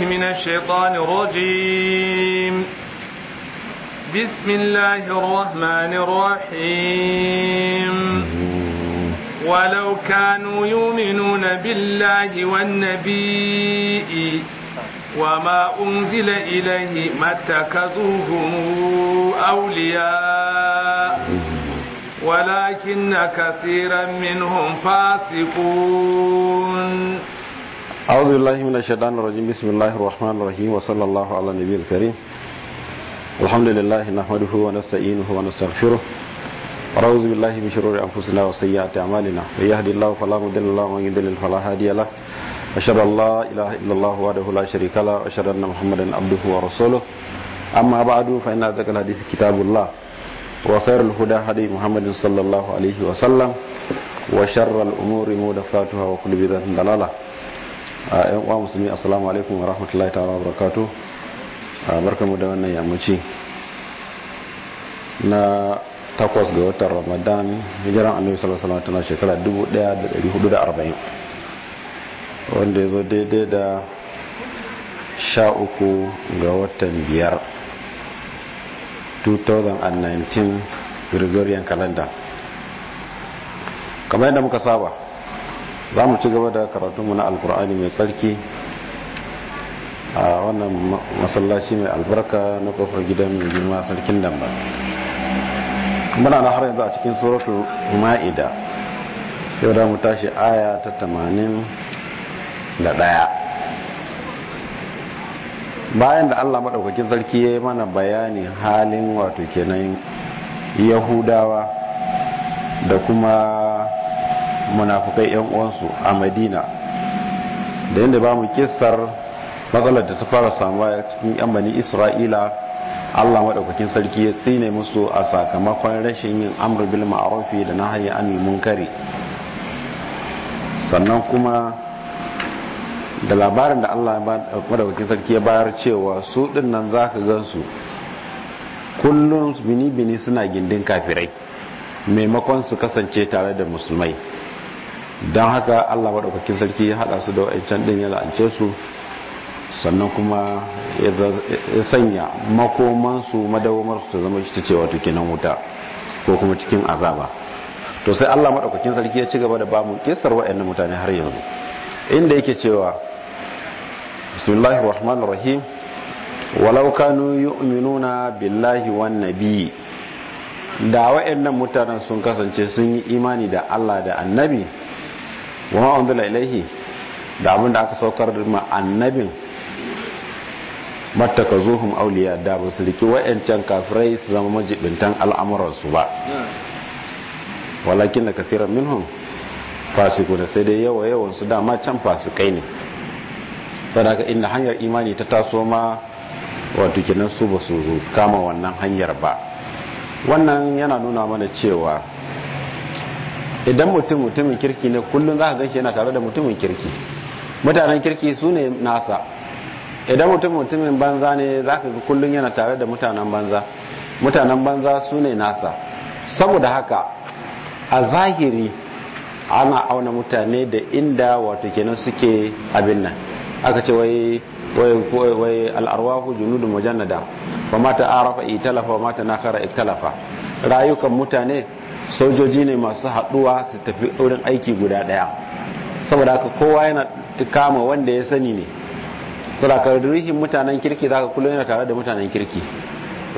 من الشيطان الرجيم بسم الله الرحمن الرحيم ولو كانوا يؤمنون بالله والنبي وما أنزل إليه ما اتخذوهم أولياء ولكن كثيرا منهم فاسقون أعوذ بالله من الشيطان الرجيم بسم الله الرحمن الرحيم وصلى الله على النبي الكريم الحمد لله نحمده ونستعينه ونستغفره ونعوذ بالله من شرور أنفسنا وسيئات أعمالنا من يهد الله فلا مضل له ومن يضلل فلا هادي له أشهد أن لا إله إلا الله وحده لا شريك له وأشهد أن محمدا عبده ورسوله أما بعد فإن أصدق الحديث كتاب الله وخير الهدى هدي محمد صلى الله عليه وسلم وشر الأمور محدثاتها وكل بدعة ضلالة a yan uwa musulmi assalamu alaikum wa rahmatullahi ta wa barakatuh barkamu da wannan yammaci na takwas ga watan ramadan hijiran annabi sallallahu alaihi wasallam shekara 1440 wanda ya zo daidai da sha uku ga watan biyar 2019 gregorian calendar kamar yadda muka saba za mu ci gaba da karatunmu na alkur'ani mai tsarki a wannan masallaci mai albarka na kofar gidan mai girma sarkin ba muna na har yanzu a cikin suratul ma'ida yau da mu tashi aya ta tamanin da ɗaya bayan da allah maɗaukakin sarki ya yi mana bayani halin wato kenan yahudawa da kuma munafukai yan uwansu a madina da yadda ba mu kisar matsalar da ta fara samuwa cikin yan bani isra'ila allah maɗaukakin sarki ya tsine musu a sakamakon rashin yin amur bil ma'arufi da na hanyar mun munkari sannan kuma da labarin da allah maɗaukakin sarki ya bayar cewa su ɗin nan za ka gansu kullum bini-bini suna gindin kafirai maimakon su kasance tare da musulmai don haka allah maɗaukakin sarki ya haɗa su da wa'ancan ɗin ya la'ance su sannan kuma ya sanya makomansu madawamarsu ta zama ta cewa ta wuta ko kuma cikin azaba to sai allah maɗaukakin sarki ya ci gaba da bamu kisar wa'annan mutane har yanzu inda yake cewa bismillahi rahmanir rahim walau kanu yu'minuna billahi wan nabi da wa'annan mutanen sun kasance sun yi imani da allah da annabi wa ma ilaihi da abin da aka saukar ma annabin mataka zuhun auliya da ba su riki wa'yancan kafirai su zama majibintan al'amuransu ba walakin da kafiran minhum fasiku da sai dai yawa yawan su dama can fasikai ne sadaka inda hanyar imani ta taso ma wato kinan su ba su kama wannan hanyar ba wannan yana nuna mana cewa idan mutum mutumin kirki ne kullum za ka ganshi yana tare da mutumin kirki mutanen kirki su ne nasa idan mutum mutumin banza ne za ka kullum yana tare da mutanen banza mutanen banza su ne nasa saboda haka a zahiri ana auna mutane da inda wato kenan suke abin nan aka ce wai wai al'arwahu junudun mujannada ba mata arafa italafa ba mata nakara italafa rayukan mutane sojoji ne masu haɗuwa su tafi wurin aiki guda ɗaya saboda haka kowa yana kama wanda ya sani ne saboda haka ruhin mutanen kirki zaka kullum yana tare da mutanen kirki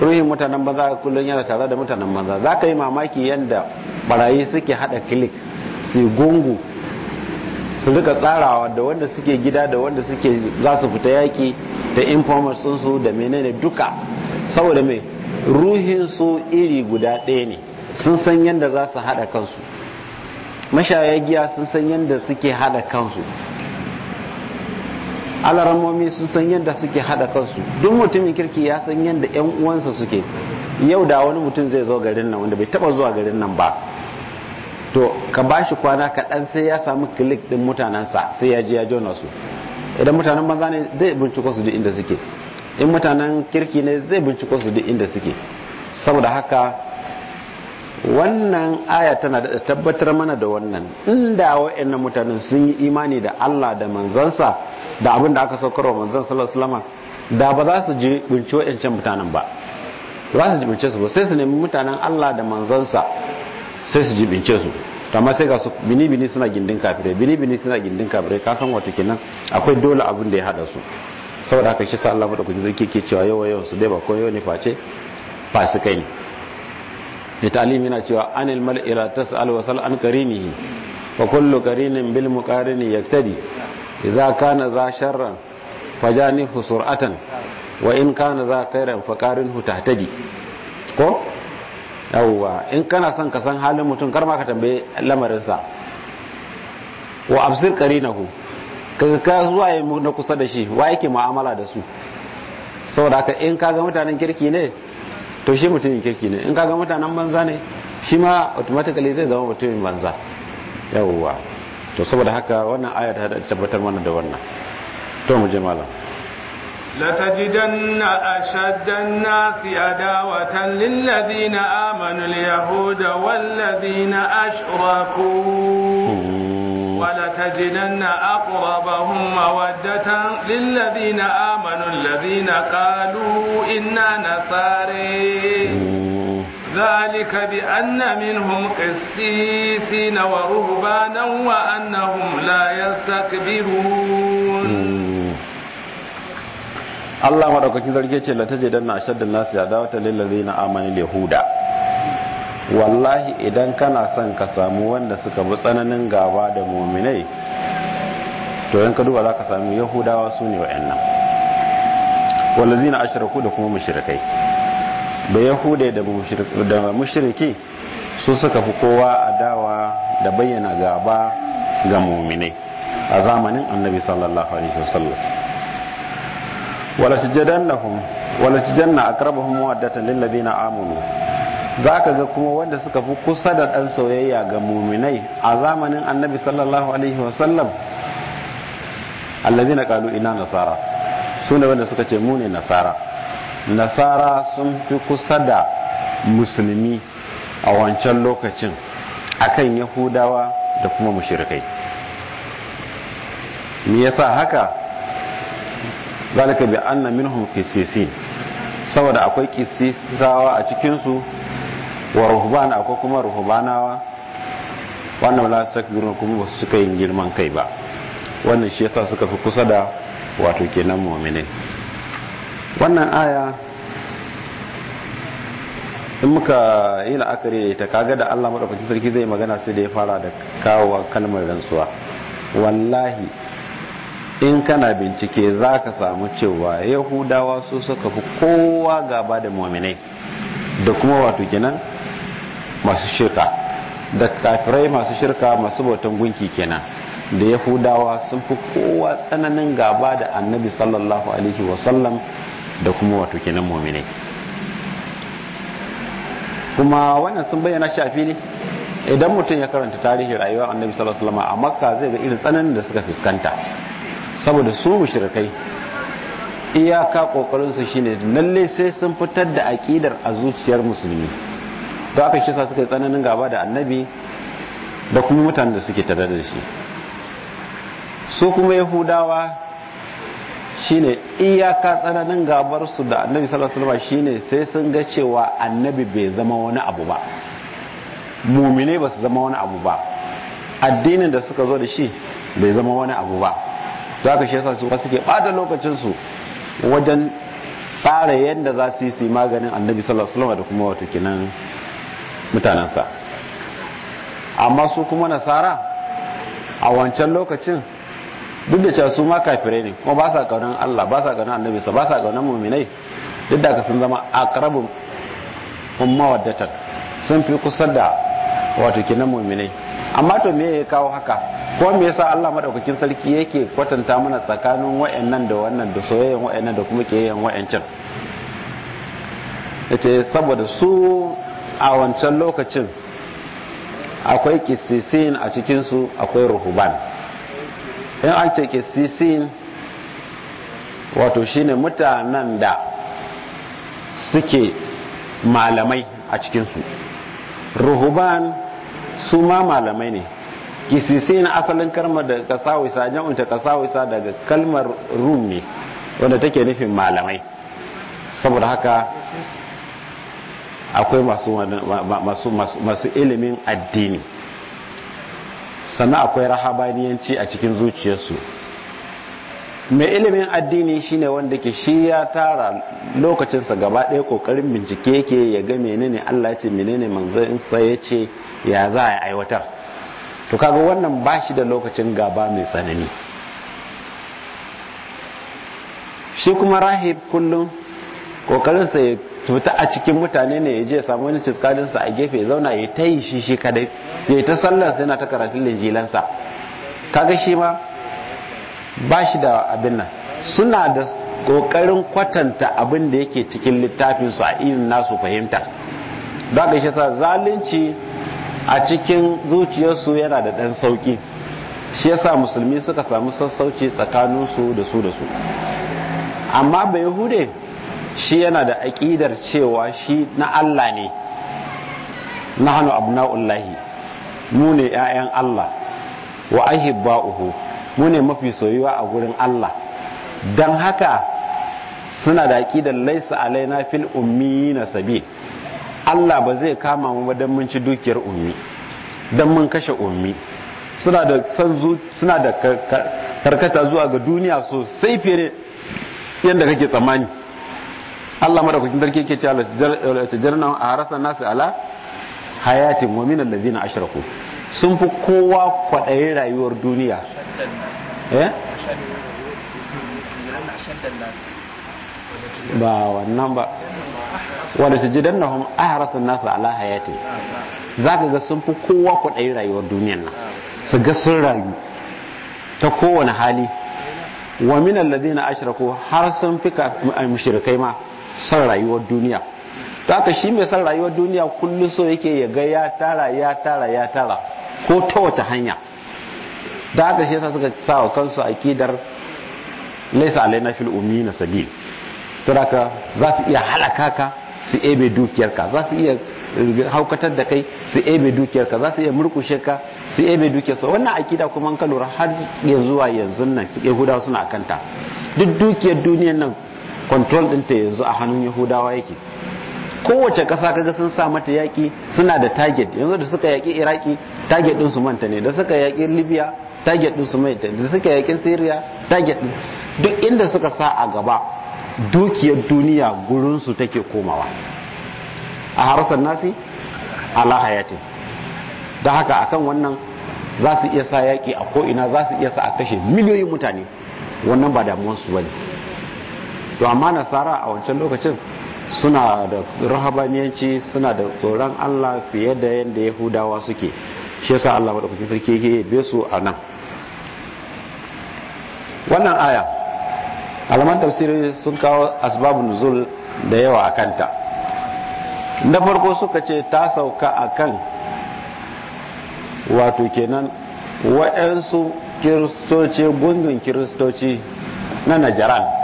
ruhin mutanen banza ka kullum yana tare da mutanen banza za ka yi mamaki yadda barayi suke haɗa kilik su gungu su rika tsarawa da wanda suke gida da wanda suke za su fita yaki da sun su da menene duka saboda mai ruhin su iri guda ɗaya ne sun san yadda za su haɗa kansu mashaya giya sun san yadda suke haɗa kansu alaramomi sun san yadda suke haɗa kansu duk mutumin kirki ya san yadda 'yan uwansa suke yau da wani mutum zai zo garin nan wanda bai taɓa zuwa garin nan ba to ka ba shi kwana kaɗan sai ya samu kilik ɗin mutanensa sai ya ji ya jona su idan mutanen banza ne zai binciko su duk inda suke in mutanen kirki ne zai binciko su duk inda suke saboda haka wannan aya tana da tabbatar mana da wannan inda wa'annan mutanen sun yi imani da Allah da manzansa da abin da aka saukarwa manzan sallallahu da ba za su ji bince wa'ancan mutanen ba ba su ji bince su ba sai su nemi mutanen Allah da manzansa sai su ji bince su amma sai ga su bini-bini suna gindin kafirai bini-bini suna gindin kafirai ka san wato kenan akwai dole abin da ya hada su saboda haka shi sa Allah madaukakin sarki ke cewa yawa yawan su dai ba ko yau ne face fasikai ne mai talim yana cewa anil mal'ira ta wa an karinihi fa kullu karinin bil muqarini yaktadi idza kana za sharran fajanihu husuratan wa in kana za khairan fa qarinhu tahtadi ko yawwa in kana son ka san halin mutum kar ma ka tambaye lamarinsa wa absir karinahu kaga ka zuwa na kusa da shi wa yake mu'amala da su saboda haka in ka ga mutanen kirki ne to shi mutumin kirki ne in kaga mutanen banza ne shi ma automatically zai zama mutumin banza yawwa to saboda haka wannan aya ta tabbatar mana da wannan to mu je malam لتجدن أشد الناس amanu للذين yahuda wallazi na ashraku ولتجدن أقربهم مودة للذين آمنوا الذين قالوا إنا نصاري ذلك بأن منهم قسيسين ورهبانا وأنهم لا يستكبرون Allah madaukakin sarki ce la tajidanna ashaddan nas adawata lil ladina amanu al yahuda wallahi idan kana son ka samu wanda suka bi tsananin gaba da muminai to yanka duba za ka sami yahudawa su ne nan wallazi na ashiraku da kuma mashirikai da yahudai da mashiriki su suka fi kowa adawa da bayyana gaba ga muminai a zamanin annabi sallallahu alaihi wasallam wala lahum wala tijanna aqrabahum mawaddatan lil ladina amanu za ka ga kuma wanda suka fi kusa da ɗan soyayya ga muminai a zamanin annabi sallallahu alaihi wasallam allazina kalu ina nasara su ne wanda suka ce mu nasara nasara sun fi kusa da musulmi a wancan lokacin akan yahudawa da kuma mushirikai. me yasa haka zalika bi anna minhum qissisin saboda akwai qissisawa a cikinsu wa ruhban akwai kuma ruhbanawa wannan la sakbirun kuma ba su kai girman kai ba wannan shi yasa suka fi kusa da wato kenan mu'minin wannan aya in muka yi la'akari da ita kaga da Allah madaukakin sarki zai magana sai da ya fara da kawo kalmar rantsuwa wallahi in kana bincike za ka samu cewa yahudawa su suka fi kowa gaba da muminai da kuma wato kenan masu shirka da kafirai masu shirka masu bautan gunki kenan da yahudawa sun fi kowa tsananin gaba da annabi sallallahu alaihi wasallam da kuma wato kenan muminai kuma wannan sun bayyana shafi ne idan mutum ya karanta tarihin rayuwar annabi sallallahu alaihi wasallam a makka zai ga irin tsananin da suka fuskanta saboda su mushrikai iyaka kokarin su shine lalle sai sun fitar da aqidar a zuciyar musulmi don aka shi sa suka yi tsananin gaba da annabi da kuma mutanen da suke tare da shi su kuma yahudawa shine iyaka tsananin gabar su da annabi sallallahu alaihi wasallam shine sai sun ga cewa annabi bai zama wani abu ba mumine ba su zama wani abu ba addinin da suka zo da shi bai zama wani abu ba za ka shi yasa su suke bata lokacinsu wajen tsara yadda za su yi su maganin annabi sallallahu alaihi wasallam da kuma wato kinan mutanensa amma su kuma nasara a wancan lokacin duk da cewa su ma kafirai ne kuma ba sa gaunan Allah ba sa gaunan annabi sa ba sa gaunan mu'minai duk da ka sun zama umma ummawaddatan sun fi kusa da wato kinan mu'minai amma to me ya kawo haka ko me yasa Allah madaukakin sarki yake kwatanta mana tsakanin wayannan da wannan da soyayyen wayannan da kuma kiyayen wayancin yace saboda su a wancan lokacin akwai kisisin a cikinsu akwai ruhuban in an ce kisisin wato shine mutanen da suke malamai a cikinsu ruhuban su ma malamai ne kisisin asalin karmar da kasawisa jam'inta kasawisa daga kalmar rum ne wanda take nufin malamai saboda haka akwai masu ilimin addini sannan akwai rahabaniyanci a cikin zuciyarsu mai ilimin addini shine wanda ke shi ya tara lokacinsa gaba ɗaya kokarin bincike ke ya ga menene Allah ya ce menene sa ya ce ya za a aiwatar to kaga wannan ba shi da lokacin gaba mai tsanani shi kuma rahib kullum kokarinsa ya fita a cikin mutane ne ya je samu wani ciskalinsa a gefe zauna ya ta yi shi shi kadai ya ta sallarsa yana ta karatun linjilansa kaga shi ma ba shi da abin nan suna da kokarin kwatanta abin da yake cikin littafinsu a irin nasu fahimta ba ga shi sa zalunci a cikin zuciyarsu yana da ɗan sauki shi yasa musulmi suka samu sassauci tsakaninsu da su da su amma bai hude shi yana da aƙidar cewa shi na Allah ne nahnu abna'ullahi mu ne 'ya'yan Allah wa ahibba'uhu mu ne mafi soyuwa a gurin Allah don haka suna da aƙidar laisa alaina fil ummi na sabi Allah ba zai kama mu don mun ci dukiyar ummi don mun kashe ummi suna da suna da karkata zuwa ga duniya sosai fere yadda kake tsammani Allah madaukakin sarki yake cewa jarna a rasa nasu ala hayatin wa min alladhina ashraku sun fi kowa kwadayin rayuwar duniya eh ba wannan ba wanda ta jidan na a harasa nasu ala hayati za ka ga sun fi kowa kwaɗayi rayuwar duniyan nan su ga sun rayu ta kowane hali wa min alladhina ashraku har sun fi mushrikai ma San rayuwar duniya ta haka shi mai san rayuwar duniya kullum so yake ya ga ya tara ya tara ya tara ko ta wace hanya ta haka shi yasa suka sa wa kansu kidar laisa alaina fil ummi na sabil to haka za su iya halaka ka su ebe dukiyarka za su iya haukatar da kai su ebe dukiyarka za su iya murkushe ka su ebe dukiyar sa wannan akida kuma ka lura har yanzu wa yanzu nan yahudawa suna kanta duk dukiyar duniyar nan control ta yanzu a hannun yahudawa yake kowace ƙasa kaga sun sa mata yaƙi suna da target yanzu da suka yaki iraki target ɗinsu manta ne da suka yaƙi libya target ɗinsu manta da suka yaƙi syria target ɗin duk inda suka sa a gaba dukiyar duniya gurinsu take komawa a harsar nasi ala hayatin da haka akan wannan za su iya sa yaki a ko'ina za su iya sa a kashe miliyoyin mutane wannan ba damuwarsu ba ne to amma nasara a wancan lokacin suna da rahabaniyanci suna da tsoron Allah fiye da yadda yahudawa suke shi yasa Allah madaukakin sarki yake be su a nan wannan aya alaman tafsiri sun kawo asbabun nuzul da yawa a kanta na farko suka ce ta sauka a kan wato kenan wa'yansu kiristoci gungun kiristoci na najaran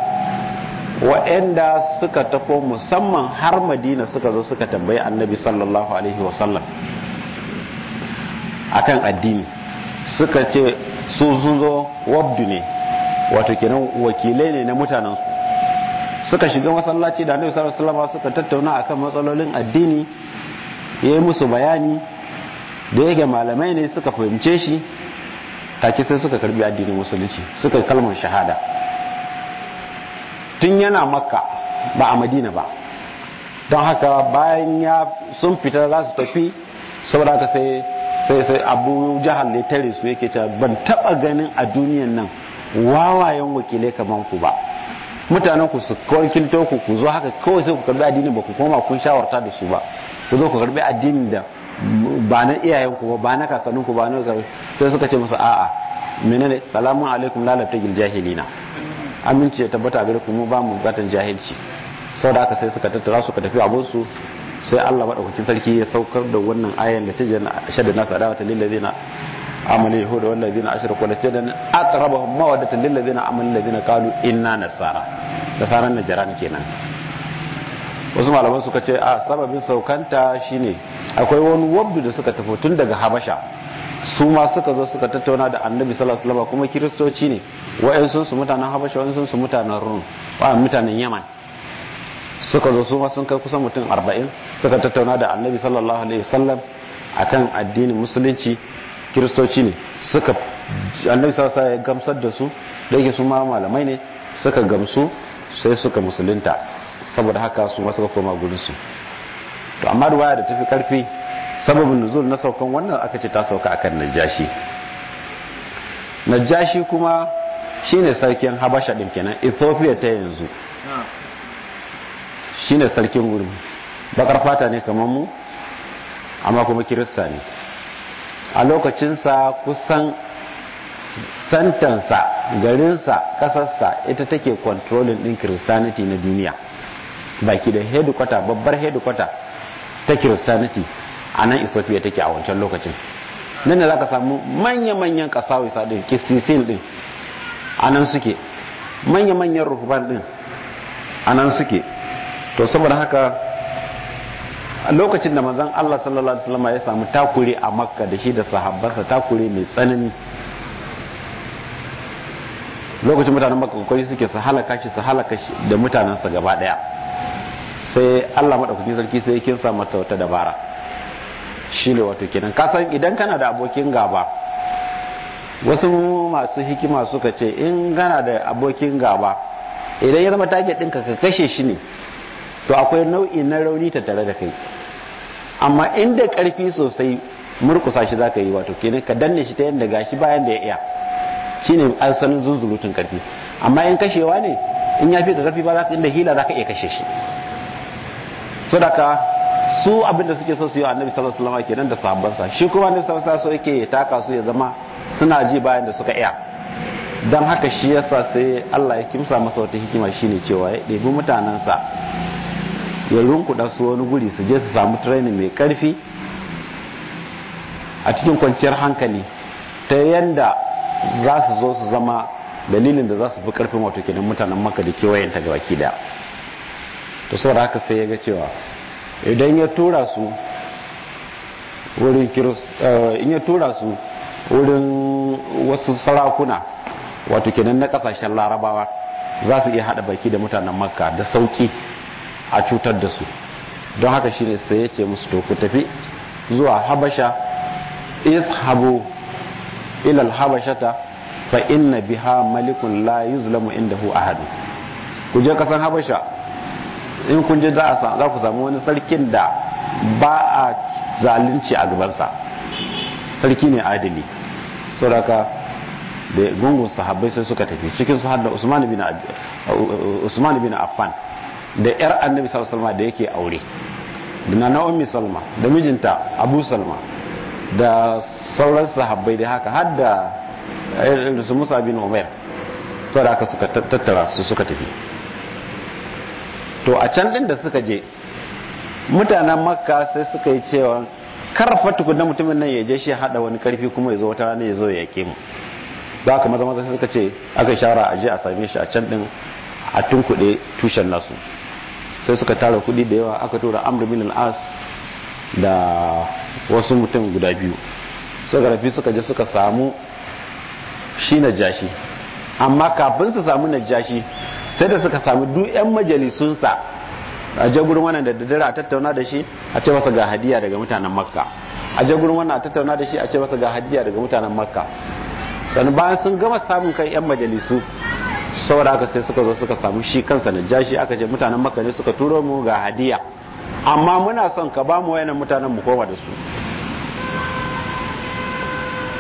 waɗanda suka tafo musamman har madina suka zo suka tambayi annabi sallallahu alaihi wasallam akan addini suka ce su sun zo wabdu ne wato kenan wakilai ne na mutanensu suka shiga masallaci da annabi sallallahu alaihi wasallam suka tattauna akan matsalolin addini yayi musu bayani da yake malamai ne suka fahimce shi take sai suka karbi addinin musulunci suka kalmar shahada tun yana makka ba a madina ba don haka bayan ya sun fita za su tafi saboda haka sai sai sai abu jihar ne su yake cewa ban taba ganin a duniyan nan wawayen wakilai kamar ku ba mutanen ku su kwarkin ku ku zo haka kawai sai ku karbi addinin ba ku koma kun shawarta da su ba ku zo ku karbi addinin da ba na iyayen ku ba na kakannin ku ba na sai suka ce musu a'a menene salamun alaikum lalata jahilina aminci ya tabbata gare kuma mu ba mu bukatan jahilci sau da aka sai suka tattara suka tafi abinsu sai Allah maɗaukakin sarki ya saukar da wannan ayan da ta jana shadda nasu adawatan lillazina amanu yahuda wal ladina da la tadan aqrabahum mawaddatan lil ladina amanu ladina kalu inna nasara nasara na kenan wasu malaman suka ce a sababin saukanta shine akwai wani wabdu da suka tafi tun daga habasha su ma suka zo suka tattauna da annabi sallallahu alaihi kuma kiristoci ne wa'ansu su mutanen habasha wa'ansu su mutanen rum wa'an mutanen yaman suka zo su ma sun kai kusan mutum 40 suka tattauna da annabi sallallahu alaihi wasallam akan addinin musulunci kiristoci ne suka annabi sallallahu alaihi ya gamsar da su da yake su ma malamai ne suka gamsu sai suka musulunta saboda haka su ma suka koma gurin su to amma ruwaya da tafi karfi sababin nuzul na saukan wannan aka ce ta sauka akan najashi najashi kuma shine sarkin habasha din kenan ethiopia ta yanzu shine sarkin wurin bakar fata ne kamar mu amma kuma kirista ne a lokacinsa kusan santansa garinsa kasarsa ita take kontrolin din christianity na duniya baki da hedikwata babbar hedikwata ta christianity a nan ethiopia take a wancan lokacin nan da za ka samu manya-manyan kasawisa din kisisin din a nan suke manya-manyan rufuban din a nan suke to saboda haka lokacin da manzan allah sallallahu alaihi wasallam ya samu takure a makka da shi da sahabbansa takure mai tsanani lokacin mutanen makka kokari suke su halaka shi su halaka shi da mutanensa gaba daya sai allah maɗaukakin sarki sai kinsa mata wata dabara shi ne wato kenan kasan idan kana da abokin gaba wasu masu hikima suka ce in kana da abokin gaba idan ya zama target ɗinka ka kashe shi ne to akwai nau'i na rauni ta tare da kai amma inda ƙarfi sosai murkusa shi za ka yi wato kenan ka danne shi ta yadda gashi bayan da ya iya shine asalin zunzurutun karfi amma in kashewa ne in ya fi ka karfi ba za ka inda hila za ka iya kashe shi sadaka su da suke so su yi annabi sallallahu alaihi wasallam kenan da sa shi kuma annabi sallallahu alaihi wasallam yake taka su ya zama suna ji bayan da suka iya dan haka shi yasa sai Allah ya kimsa masa wata hikima shine cewa ya ɗebi sa ya runkuda su wani guri su je su samu training mai karfi a cikin kwanciyar hankali ta yanda za su zo su zama dalilin da za su fi karfin wato kenan mutanen maka da kewayen ta gabaki daya to saboda haka sai ya ga cewa idan ya tura su wurin eh, in ya tura su wurin wasu sarakuna wato kenan na kasashen larabawa za su iya hada baki da mutanen makka da sauki a cutar da su don haka shi ne sai ya ce musu to ku tafi zuwa habasha ishabu ilal habashata fa inna biha malikun la yuzlamu indahu ahad ku je kasan habasha in kun je za ku samu wani sarkin da ba a zalunci a gabansa sarki ne adali sauraka da gungun sahabbai sai suka tafi cikin su hadda uh, usman bin affan da yar annabi salma da yake aure da nana ummi salma da mijinta abu salma da sauran sahabbai da haka hadda su musa bin umar sauraka suka tattara su suka tafi to a can din da suka je mutanen makka sai suka yi cewa karfa na mutumin nan ya je shi hada wani karfi kuma ya zo wata rana ya zo ya yake mu Za ka maza maza suka ce aka shara a je a same shi a can din a tunkuɗe tushen nasu sai suka tara kuɗi da yawa aka tura amr bin as da wasu mutum guda biyu suka rafi suka je suka samu shi na jashi amma kafin su samu na jashi. sai da suka sami duk yan majalisunsa a je wannan da daddare a tattauna da shi a ce masa ga hadiya daga mutanen makka a je gurin wannan a tattauna da shi a ce masa ga hadiya daga mutanen makka sannan bayan sun gama samun kan yan majalisu saboda aka sai suka zo suka samu shi kansa na jashi aka ce mutanen makka ne suka turo mu ga hadiya amma muna son ka ba mu wayanan mutanen mu koma da su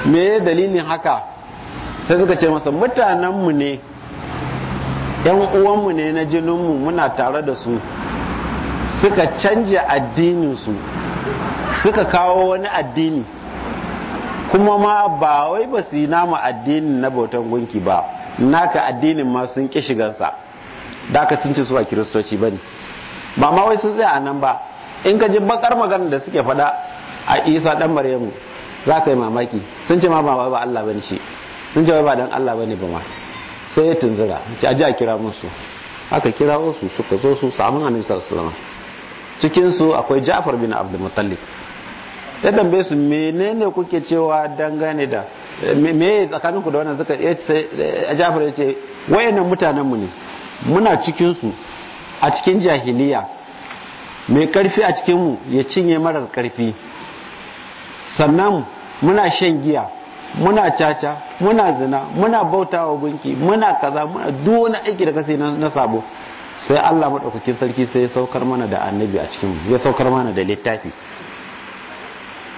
me dalilin haka sai suka ce masa mutanenmu ne yan uwanmu ne na jininmu muna tare da su suka canja addininsu suka kawo wani addini kuma ma ba wai ba su yi nama addinin na bautan gunki ba naka addinin ma sun ƙi shigansa da aka cinci su a kiristoci ba ne ba ma wai sun tsaya a nan ba in ka ji bakar magana da suke faɗa a isa dan maryamu za ka yi mamaki sun ce ma ba wai ba allah ba ne shi sun ce wai ba dan allah ba ne ba ma sai ya tunzura ce a ji a kira musu aka kira wasu suka zo su samu annabi sallallahu cikinsu akwai Ja'far bin Abdul Muttalib ya tambaye su menene kuke cewa dangane da me tsakaninku da wannan suka sai eh, Ja'far ya ce wayannan mutanen mu ne muna cikinsu a cikin jahiliya mai karfi a cikinmu ya cinye marar karfi sannan muna shan giya muna caca muna zina muna bautawa gunki muna kaza muna duwana aiki da kasi na sabo sai Allah maɗaukakin sarki sai ya saukar mana da annabi a cikin ya saukar mana da littafi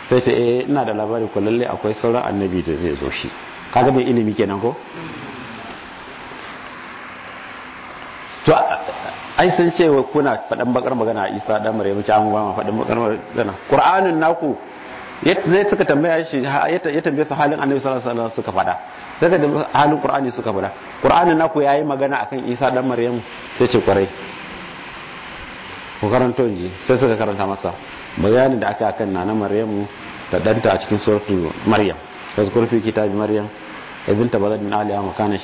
sai ce eh ina da labari ko lalle akwai sauran annabi da zai zo shi kaga mai ilimi kenan ko to ai san cewa kuna faɗan bakar magana a isa da maryam ce an gwama faɗan bakar magana qur'anin naku zai suka tambaya shi ya tambaye su halin annabi sallallahu alaihi wasallam suka fada daga da halin qur'ani suka fada qur'anin naku yayi magana akan isa dan maryamu sai ce kwarai ku karanto inji sai suka karanta masa bayanin da aka akan nana maryamu da danta a cikin suratul maryam yazkur fi kitabi maryam idin tabadda min ahliha makana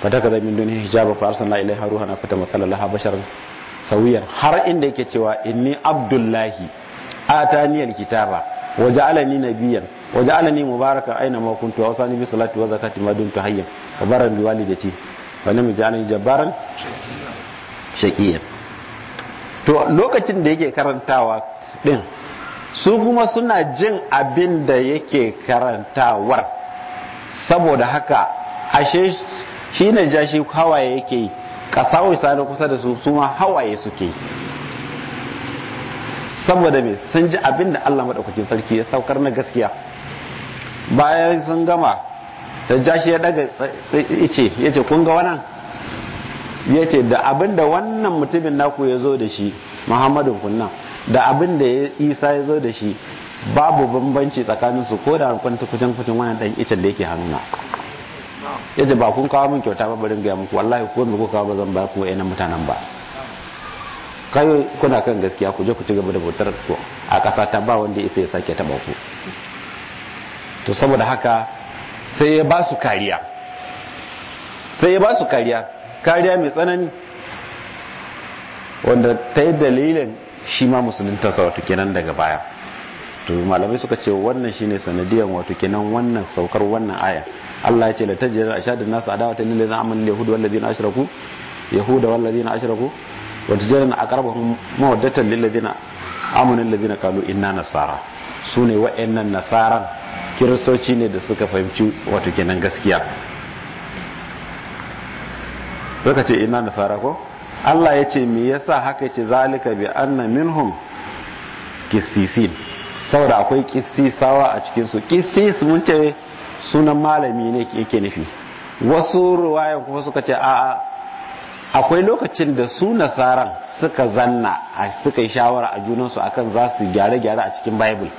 fataka da min dunihi hijaba fa arsalna ilaiha ruhana fatamathala laha basharan sawiyan har inda yake cewa inni abdullahi ataniyar kitaba wa ja'alani nabiyyan wa ja'alani mubarakan aina ma kuntu wa sani bi salati wa zakati ma dumtu hayyan kabaran bi walidati wa lam ja'alani jabbaran to lokacin da yake karantawa din su kuma suna jin abin da yake karantawar saboda haka ashe shi na jashi hawaye yake yi ƙasa sani kusa da su hawaye suke yi saboda mai sun ji abin da Allah madaukakin sarki ya saukar na gaskiya bayan sun gama ta jashi ya daga ice yace kun ga wannan yace da abin da wannan mutumin naku ya zo da shi Muhammadun kunna da abin da Isa ya zo da shi babu bambanci tsakanin su ko da kwanta kucin kucin wannan dan icen da yake hannuna yace ba kun kawo min kyauta ba gaya gaya muku wallahi ko me ba zan ba ku mutanen ba kai kuna kan gaskiya ku je ku ci gaba da bautar ku a ƙasa ta ba wanda isa ya sake ta ku to saboda haka sai ya ba su kariya sai ya ba su kariya kariya mai tsanani wanda ta yi dalilin shi ma ta sa wato kenan daga baya to malamai suka ce wannan shine sanadiyan wato kenan wannan saukar wannan aya Allah ya ce la tajra ashadun nas adawatan lil ladina amanu yahud wal ladina ashraku yahuda wal ladina ashraku watajarna aqrabahum mawaddatan lil ladina amanu alladhina qalu inna nasara sune wa'annan nasaran kiristoci ne da suka fahimci wato kenan gaskiya zaka ce inna nasara ko Allah ya ce me yasa haka ce zalika bi anna minhum kisisin saboda akwai kisisawa a cikin su kisis mun ce sunan malami ne yake nufi wasu ruwayan kuma suka ce a'a akwai lokacin da su nasaran suka zanna suka yi shawara a junansu akan za su gyare-gyare a cikin bible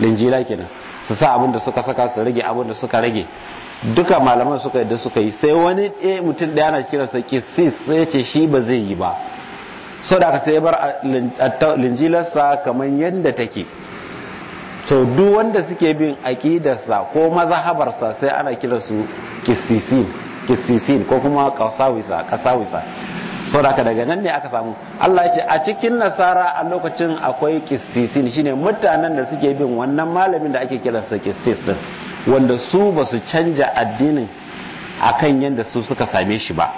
linjila kenan su sa abin da suka saka su rage abin da suka rage duka malaman suka da suka yi sai wani ɗaya eh, mutum ɗaya na kiran sa kisis sai ce shi ba zai yi ba sau da aka sai bar ah, ah, linjilarsa kamar yadda take to duk wanda suke bin aƙidarsa ko mazahabarsa sai ana su kisisin kisisin ko kuma kasawisa kasawisa saboda haka daga nan ne aka samu Allah ya ce a cikin nasara a lokacin akwai kisisin shine mutanen da suke bin wannan malamin da ake kiransa kisis din wanda su ba su canja addinin akan yadda su suka same shi ba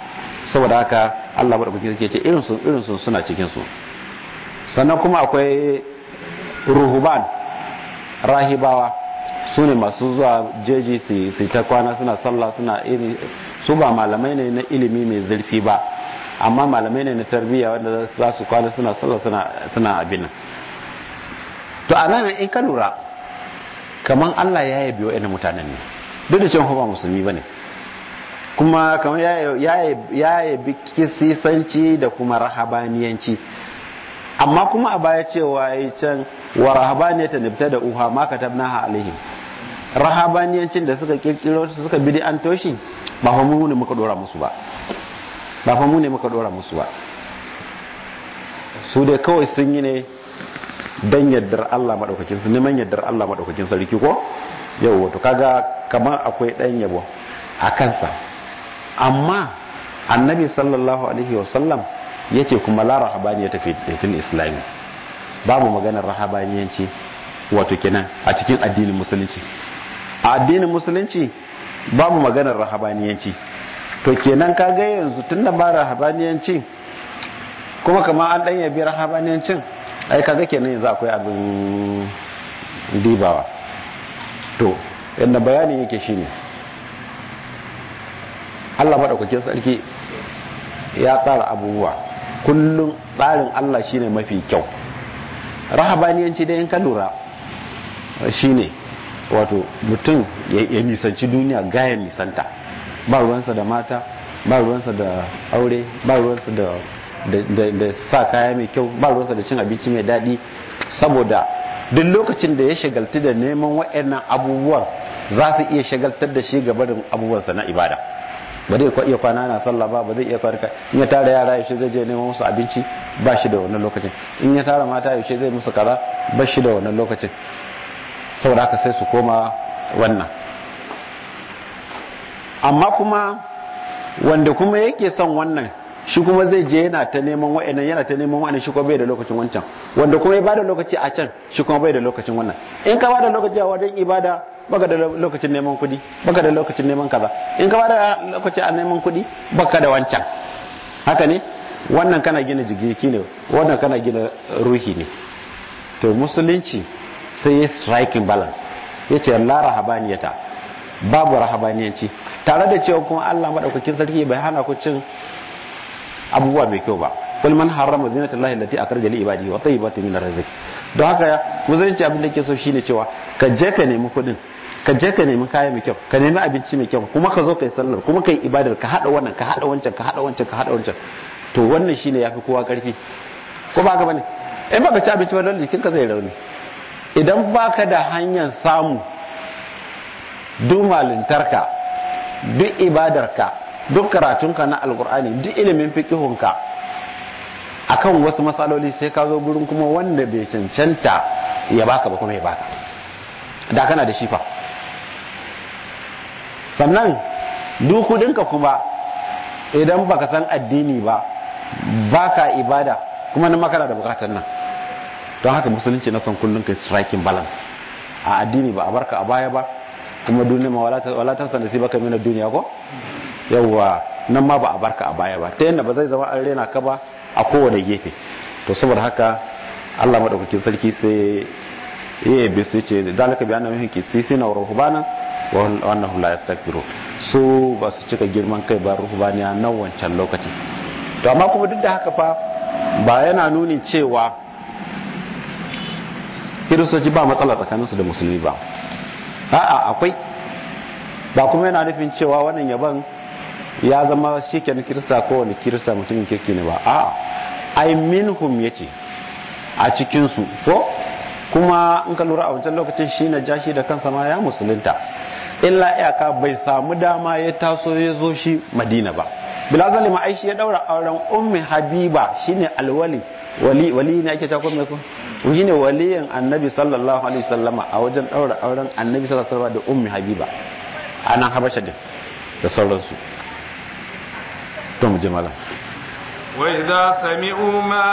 saboda haka Allah bada kuke ce irin su irin su suna cikin su sannan kuma akwai ruhuban rahibawa su ne masu zuwa jeji su ta kwana suna sallah suna iri su ba malamai ne na ilimi mai zurfi ba amma malamai ne na tarbiyya wanda za su kwana suna sallah suna abin to a nan in ka lura kamar Allah ya biyo ina mutanen ne duk da cewa ba musulmi bane kuma kamar ya yabi kisisanci da kuma rahabaniyanci amma kuma a baya cewa ya can wa rahabaniyata nifta da uha ma katabnaha alaihim rahabaniyancin da suka kirkiro suka bidi an toshi ba fa mu ne muka dora musu ba ba fa mu ne muka dora musu ba su dai kawai sun yi ne dan yaddar Allah madaukakin su neman yaddar Allah madaukakin sarki ko yau wato kaga kamar akwai dan yabo a kansa amma annabi sallallahu alaihi wasallam yace kuma la rahabaniya ta fil islam babu maganar rahabaniyanci wato kenan a cikin addinin musulunci a addinin musulunci babu maganar rahabaniyanci to kenan ka ga yanzu tun da ba rahabaniyanci kuma kama an ɗan yabi rahabaniyancin ai ka ga kenan yanzu akwai abin dibawa to yadda bayanin yake ne, Allah madaukakin sarki ya tsara abubuwa kullum tsarin Allah shine mafi kyau rahabaniyanci da in ka lura ne. wato mutum ya nisanci duniya gaya nisanta ba ruwansa da mata ba ruwansa da aure ba ruwansa da da sa kaya mai kyau ba ruwansa da cin abinci mai daɗi saboda duk lokacin da ya shagalti da neman wa'annan abubuwan za su iya shagaltar da shi gaba da abubuwansa na ibada ba zai iya kwana na sallah ba ba zai iya kwana in ya tara yara yaushe zai je neman musu abinci ba shi da wannan lokacin in ya tara mata yaushe zai musu kaza ba shi da wannan lokacin saboda haka sai su koma wannan amma kuma wanda kuma yake son wannan shi kuma zai je yana ta neman wa'annan yana ta neman wa'annan shi kuma bai da lokacin wancan wanda kuma ya bada lokaci a can shi kuma bai da lokacin wannan in ka bada lokaci a wajen ibada baka da lokacin neman kudi baka da lokacin neman kaza in ka bada lokaci a neman kudi baka da wancan haka ne wannan kana gina jiki ne wannan kana gina ruhi ne to musulunci sai ya striking balance ya ce la rahabaniyata babu rahabaniyanci tare da cewa kuma Allah madaukakin sarki bai hana ku cin abubuwa mai kyau ba wal man harrama zinata llahi allati akhraja li ibadihi wa tayyibati min arzik don haka musulunci abin da ke so shine cewa ka je ka nemi kudin ka je ka nemi kaya mai kyau ka nemi abinci mai kyau kuma ka zo kai sallar kuma kai ibadar ka hada wannan ka hada wancan ka hada wancan ka hada wancan to wannan shine yafi kowa karfi ko ba ka bane in baka ci abinci ba dole jikinka zai rauni idan baka da hanyar samu duk malintarka duk ibadarka duk karatunka na alkur'ani duk ilimin fikihunka akan wasu matsaloli sai ka zo gurin kuma wanda bai cancanta ya baka ba kuma ya baka da kana da shifa sannan dukudinka kuma idan baka san addini ba baka ibada kuma na makana da bukatar nan don haka musulunci na son kullum kai striking balance a addini ba a barka a baya ba kuma duniya ma wala ta sanda si baka nuna duniya ko yawwa nan ma ba a barka a baya ba ta yadda ba zai zama an rena ka ba a kowane gefe to saboda haka Allah maɗaukakin sarki sai ya yabe su ce dalika bi annahum qisisina wa ruhbana wa annahum la yastakbiru su ba su cika girman kai ba ruhbaniya nan wancan lokaci to amma kuma duk da haka fa ba yana nuni cewa kiristoci ba matsala tsakaninsu da musulmi ba a'a akwai ba kuma yana nufin cewa wannan yaban ya zama shikenan kirista kowane kirista mutumin kirki ne ba a'a ai minhum yace a cikinsu ko kuma in ka lura a wancan lokacin shi na jashi da kansa ma ya musulunta illa iyaka bai samu dama ya taso ya zo shi madina ba bilazali ma aishi ya daura auren ummi habiba shine alwali wali ne ake ta ko shi ne waliyan annabi sallallahu alaihi sallama a wajen ɗaura auren annabi sallallahu alaihi sallama da ummi habiba a nan habasha din da sauransu tom jimala وإذا سمعوا ما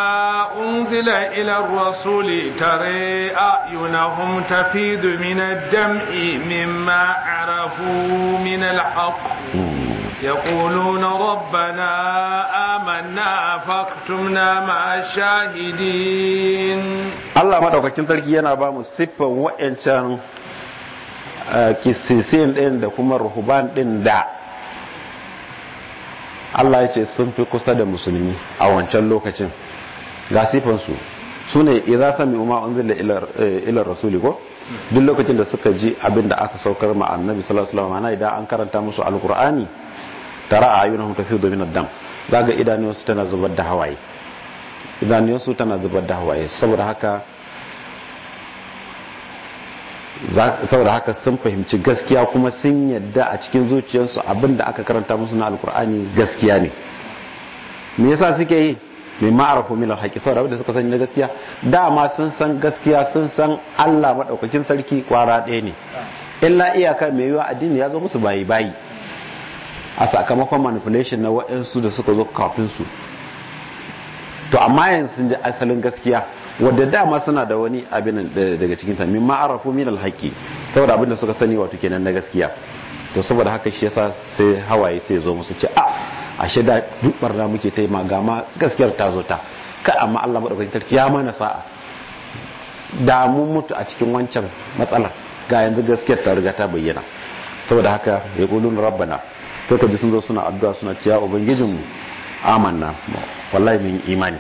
أنزل إلى الرسول ترى أعينهم تفيض من الدمع مما عرفوا من الحق يقولون ربنا آمنا فاكتمنا مع الشاهدين الله ما دوكاكين تركي yana ba mu siffan wa'ancan kisisin din da kuma ruhuban din da Allah ya ce sun fi kusa da musulmi a wancan lokacin ga siffansu su ne idza sami umma unzila eh, ila rasuli ko duk lokacin da suka ji abinda aka saukar ma annabi sallallahu alaihi wasallam ana idan an karanta musu alqur'ani tara a tafidu min ad-dam zaga idaniyarsu za zubar idaniyarsu tana zubar da hawaye saboda haka sun fahimci gaskiya kuma sun yadda a cikin zuciyarsu abinda aka karanta musu na alkur'ani gaskiya ne me yasa suke yi mai ma'arafu milar haƙi saboda da suka sanya gaskiya dama sun san gaskiya sun san Allah maɗaukakin sarki kwara ɗaya ne illa iyaka mai yiwa addini ya zo musu bayi bayi a sakamakon manipulation na waɗansu da suka zo kafin su to amma yanzu sun ji asalin gaskiya wadda dama suna da wani abin daga cikin ta mimma arafu min alhaqi saboda abin da suka sani wato kenan na gaskiya to saboda haka shi yasa sai hawaye sai zo musu ce a ashe da duk barna muke ta ma ga ma gaskiyar ta zo ta ka amma Allah madaukakin tarki ya mana sa'a da mun mutu a cikin wancan matsalar ga yanzu gaskiyar ta riga ta bayyana saboda haka yaqulun rabbana to ji sun zo suna addu'a suna cewa ubangijinmu amanna wallahi mun imani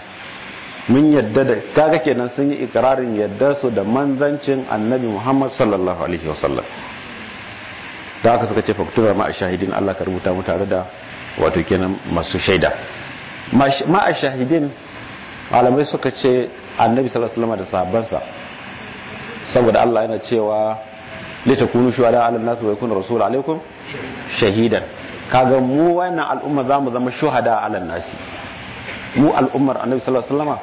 mun yadda da kaga kenan sun yi ikrarin yadda su da manzancin annabi Muhammad sallallahu alaihi wasallam da aka suka ce faktura ma shahidin Allah ka rubuta mu tare da wato kenan masu shaida ma shahidin malamai suka ce annabi sallallahu alaihi wasallam da sahabbansa saboda Allah yana cewa kunu shuhada ala nasu wa yakun rasul alaikum shahidan kaga mu wannan al'umma za mu zama shuhada a alal nasi mu al'ummar annabi sallallahu alaihi wasallama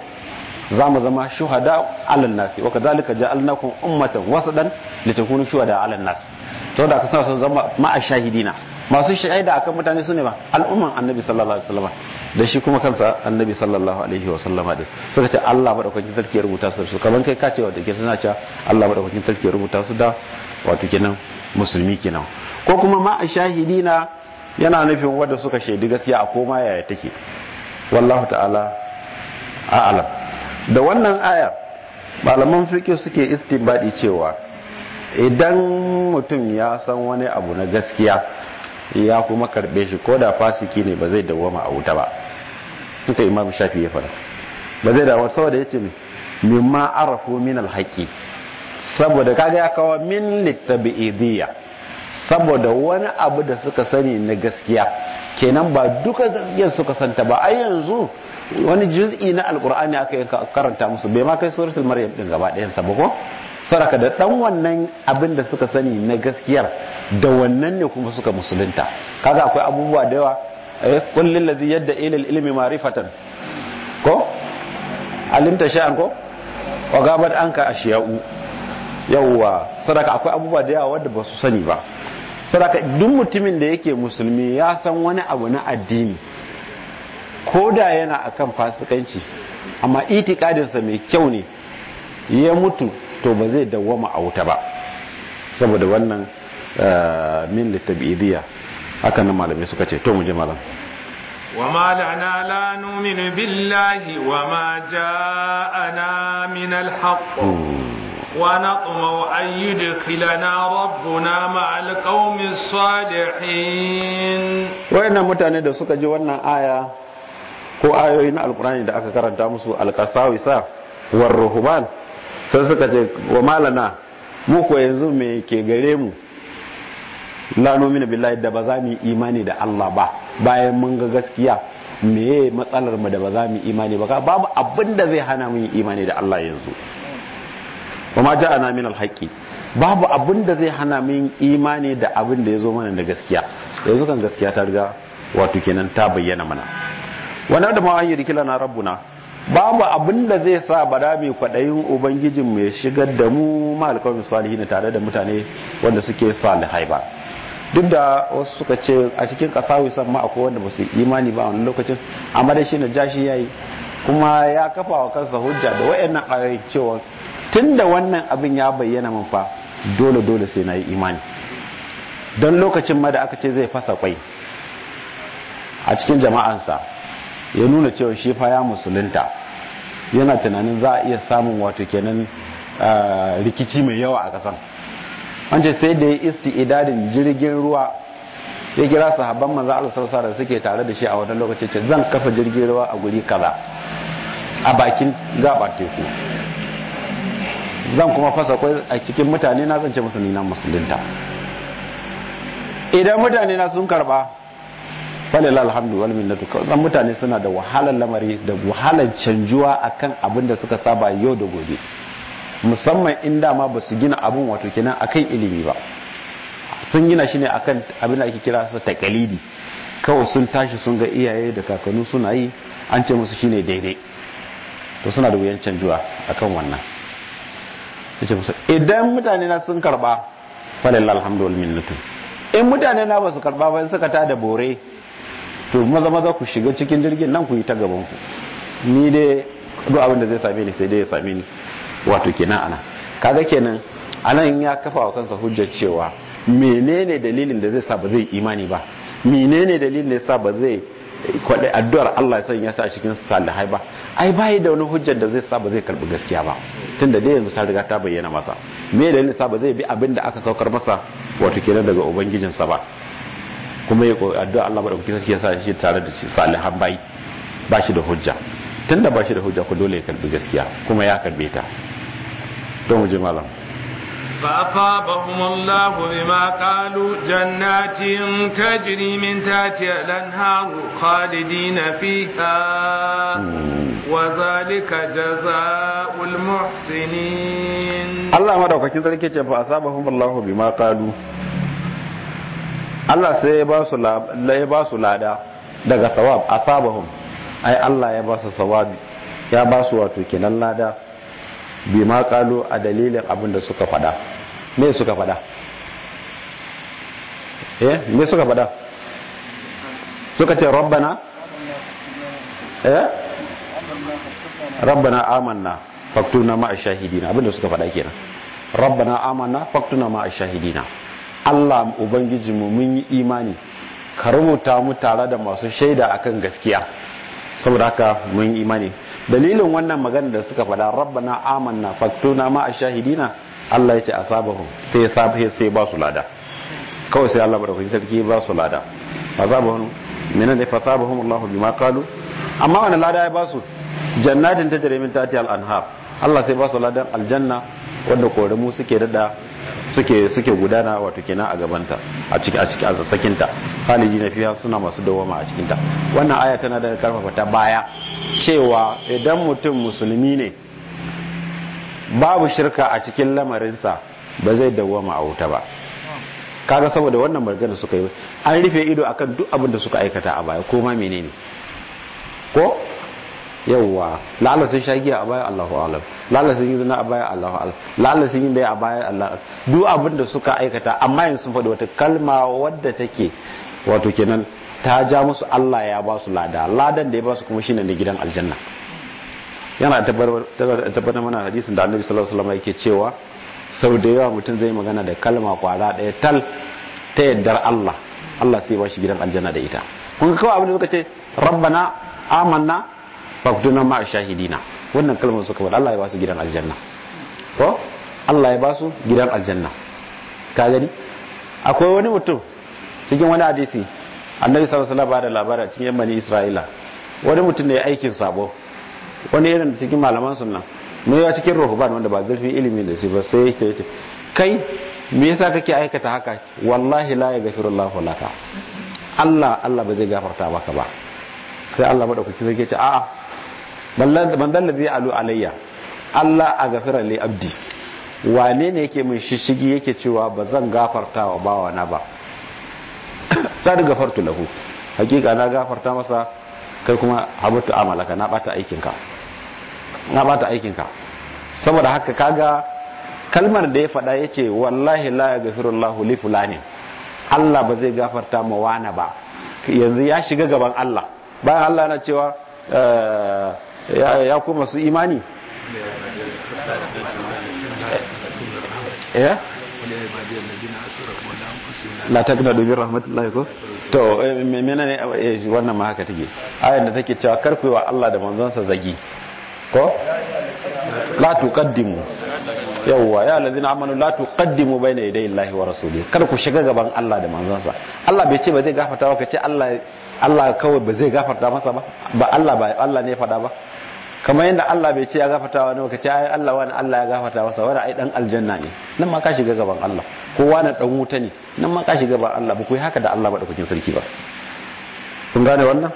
za mu zama shuhada alal nasi wa kadhalika ja'alnakum ummatan wasadan litakunu shuhada alal nasi to da kasance sun zama ma'a shahidina masu shaida akan mutane su ne ba al'umman annabi sallallahu alaihi wasallama da shi kuma kansa annabi sallallahu alaihi wasallama din suka ce Allah madaukakin sarki ya rubuta su kaman kai ka ce wanda ke suna cewa Allah madaukakin sarki ya rubuta su da wato kenan musulmi kenan ko kuma ma'a shahidina yana nufin wadda suka shaidi gaskiya a koma yaya take wallahu ta'ala a'lam da wannan ayar malaman fiqh suke istinbadi cewa idan mutum ya san wani abu na gaskiya ya kuma karbe shi ko da fasiki ne ba zai dawama a wuta ba suka imam shafi ya fara ba zai dawo saboda yace ne mimma arafu min alhaqi saboda kaga ya kawo min littabi'idiyya saboda wani abu da suka sani na gaskiya kenan ba duka gaskiyar suka santa ba ai yanzu wani juz'i na alkur'ani aka yi karanta musu bai ma kai suratul maryam din gaba ɗayan sa ba ko saraka da dan wannan abin da suka sani na gaskiyar da wannan ne kuma suka musulunta kaga akwai abubuwa da yawa eh kullil ladhi yadda ila ilmi ma'rifatan ko alimta sha'an ko wa gabat anka ashiya'u yawwa saraka akwai abubuwa da yawa wanda ba su sani ba saboda duk mutumin da yake musulmi ya san wani abu na addini ko da yana akan fasikanci amma itikadinsa mai kyau ne ya mutu to ba zai dawwama a wuta ba saboda wannan eh, min litabidiyya haka nan malamai suka ce to mu je malam وما لا نؤمن بالله وما جاءنا من الحق ونطمع أن يدخلنا ربنا مع القوم الصالحين وإن متاني دا سكا جوانا آية ko ayoyin alkurani da aka karanta musu alkasawisa war ruhuban sai suka wa malana mu ko yanzu me ke gare mu la nomina billahi da ba za mu imani da Allah ba bayan mun ga gaskiya meye matsalar mu da ba za mu imani ba babu abin da zai hana mu imani da Allah yanzu wa ma ja'ana min alhaqi babu abin da zai hana min imani da abin da ya zo mana da gaskiya yanzu kan gaskiya ta riga wato kenan ta bayyana mana wannan da yi kila na rabbuna babu abin da zai sa bara mai kwaɗayin ubangijin ya shigar da mu ma'alƙawar salihin tare da mutane wanda suke salihai ba duk da wasu suka ce a cikin ƙasa wisan ma akwai wanda ba su imani ba wani lokacin amma dai shi na jashi ya yi kuma ya kafa wa kansa hujja da wayannan ayoyi cewa Tun da wannan abin ya bayyana mun fa dole dole sai na yi imani don lokacin ma da aka ce zai fasa kwai a cikin jama'ansa ya nuna cewa shi fa ya musulunta yana tunanin za a iya samun wato kenan rikici mai yawa a kasan an sai da ya isti idadin jirgin ruwa ya kira sahabban manzo Allah sallallahu da suke tare da shi a wannan lokacin ce zan kafa jirgin ruwa a guri kaza a bakin gabar teku zan kuma fasa kwai a cikin mutane na zance musu nina musulunta idan mutane na sun karba falil alhamdu wal minnatu kawai mutane suna da wahalar lamari da wahalar canjuwa akan abin da suka saba yau da gobe musamman in dama ba su gina abin wato kenan akan ilimi ba sun gina shi ne akan abin da ake kira sa takalidi kawai sun tashi sun ga iyaye da kakannu suna yi an ce musu shine daidai to suna da wuyan canjuwa akan wannan yace musu idan mutane na sun karba falillahi alhamdu minnatu in mutane na ba su karba ba suka ta da bore to maza maza ku shiga cikin jirgin nan ku yi ta gaban ku ni dai duk abin da zai same ni sai dai ya same ni wato kenan ana kaga kenan anan ya kafa wa kansa hujjar cewa menene dalilin da zai sa ba zai imani ba menene dalilin da zai sa ba zai kwaɗe addu'ar Allah ya sa cikin salihai ba ai bai da wani hujjar da zai sa ba zai karbi gaskiya ba tunda dai yanzu ta riga ta bayyana masa me da sa ba zai bi abin da aka saukar masa wato kenan daga sa ba kuma ya addu'a Allah madaukaki sarki ya sa shi tare da salihan bai ba shi da hujja tunda ba shi da hujja ku dole ya karbi gaskiya kuma ya karbe ta don mu je malam فأصابهم الله بما قالوا جنات تجري من تحتها الأنهار خالدين فيها وذلك جزاء المحسنين الله ما دوكا kin sarki ce fa asabahum Allahu bima qalu Allah sai ya ba ya ba lada daga sawab asabahum ai Allah ya ba su ya ba wato kenan lada bi ma kalu a dalilin abin da suka fada me suka fada eh me suka fada suka ce rabbana eh rabbana amanna faktuna ma ashahidina abin da suka fada kenan rabbana amanna faktuna ma ashahidina Allah ubangijinmu mun yi imani ka rubuta mu tare da masu shaida akan gaskiya saboda haka mun yi imani dalilin wannan magana da suka faɗa rabbana amanna faktuna ma ashahidina Allah ya ce asabahu sai sabahe sai ba su lada kawai sai Allah bada sarki ba su lada asabahu minan da fasabahum Allah bima qalu amma wannan lada ya ba su jannatin tajri min ta al-anhar Allah sai ba su ladan aljanna wanda koramu suke dada suke suke gudana wato kenan a gabanta a ciki a ciki a cikin ta haliji na fiya suna masu dawama a cikin ta wannan aya tana da karfafa ta baya cewa idan mutum musulmi ne babu shirka a cikin lamarinsa ba zai dawama a wuta ba kaga saboda wannan magana suka yi an rufe ido akan duk abin da suka aikata a baya ko ma menene ko yawwa lalata sun sha giya a bayan Allahu alam lalata sun yi zina a bayan Allahu alam lalata sun yi bai a bayan Allah duk abin da suka aikata amma yanzu sun faɗi wata kalma wadda take wato kenan ta ja musu Allah ya ba su lada ladan da ya ba su kuma shine ne gidan aljanna yana tabbatar mana hadisin da Annabi sallallahu alaihi wasallam yake cewa sau da yawa mutum zai magana da kalma kwara ɗaya tal ta yaddar Allah Allah sai ba shi gidan aljanna da ita kun kawai abin da suka ce rabbana amanna ba ku tunan ma'a shahidina wannan kalmar suka faɗa Allah ya ba su gidan aljanna ko Allah ya ba su gidan aljanna ka gani akwai wani mutum cikin wani hadisi annabi sallallahu alaihi wasallam da labarin cikin yan bani isra'ila wani mutum ne aikin sabo wani irin cikin malaman sunna ne ya cikin ruhban wanda ba zurfi ilimi da su ba sai yake yake kai me yasa kake aikata haka wallahi la yaghfirullahu laka Allah Allah ba zai gafarta maka ba sai Allah madaukakin zai ya ce a'a man da zai alu alayya Allah a gafira lai abdi wane ne yake min shishigi yake cewa ba zan gafarta wa bawa na ba da gafartu lahu hakika na gafarta masa kai kuma habatu amalaka na bata aikinka na bata aikinka saboda haka kaga kalmar da ya faɗa ya ce wallahi la ya lahu li fulani Allah ba zai gafarta ma wana ba yanzu ya shiga gaban Allah bayan Allah na cewa eh, ya ku masu imani ya eh? la ta gina domin rahmatullahi ko to eh, mena menene eh, wannan ma haka take ayan take cewa karfewa Allah da manzansa zagi ko la tuqaddimu yawwa ya alladhina amanu la tuqaddimu bayna yaday Allahi wa rasulihi kar ku shiga gaban Allah da manzansa Allah bai ce ba zai gafarta wa ce Allah Allah kawai ba zai gafarta masa ba ba Allah ba Allah ne faɗa ba kamar yadda Allah bai ce ya gafarta wani ka ce ai Allah wani Allah ya gafarta masa wani ai dan aljanna ne nan ma ka shiga gaban Allah ko wani dan wuta ne nan ma ka shiga gaban Allah ba ku yi haka da Allah ba da kukin sarki ba kun gane wannan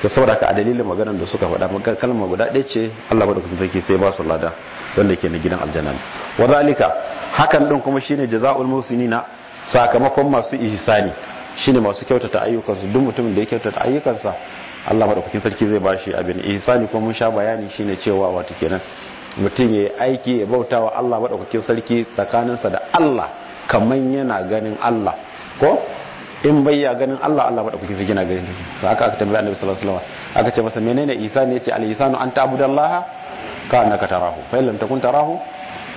to saboda ka a dalilin maganar da suka faɗa maka kalma guda ɗaya ce Allah ba da kukin sarki sai ba su lada wanda ke na gidan aljanna ne wa zalika hakan din kuma shine jazaul nina sakamakon masu ihsani shine masu kyautata ayyukansu duk mutumin da ya kyautata ayyukansa Allah madaukakin sarki zai bashi abin ihsani kuma mun sha bayani shine cewa wato kenan mutum ya yi aiki ya bauta wa Allah maɗaukakin sarki tsakaninsa da Allah kamar yana ganin Allah ko in bai ya ganin Allah Allah maɗaukakin sarki na ganin sarki sa aka aka tambaya annabi sallallahu alaihi wasallam aka ce masa menene isa ne yace al isanu an ta'budallaha ka annaka tarahu fa illam takun tarahu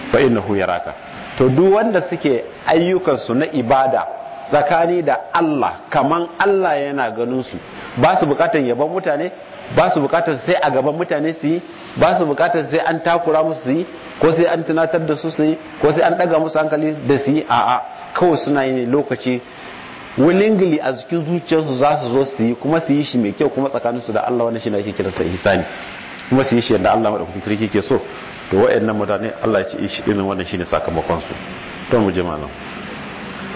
fa innahu yaraka to duk wanda suke ayyukansu na ibada tsakani da Allah kaman Allah yana ganin su ba su bukatan yaban mutane ba su bukatan sai a gaban mutane su yi ba su bukatan sai an takura musu su yi ko sai an tunatar da su su yi ko sai an daga musu hankali da su yi a'a kawai suna yi lokaci willingly a cikin zuciyarsu za su zo su yi kuma su yi shi mai kyau kuma tsakaninsu da Allah wannan shi ne ake kiransa ihsani kuma su yi shi yadda Allah madaukakin sarki ke so to wa'annan mutane Allah ya ci irin wannan shine sakamakon su to mu je malam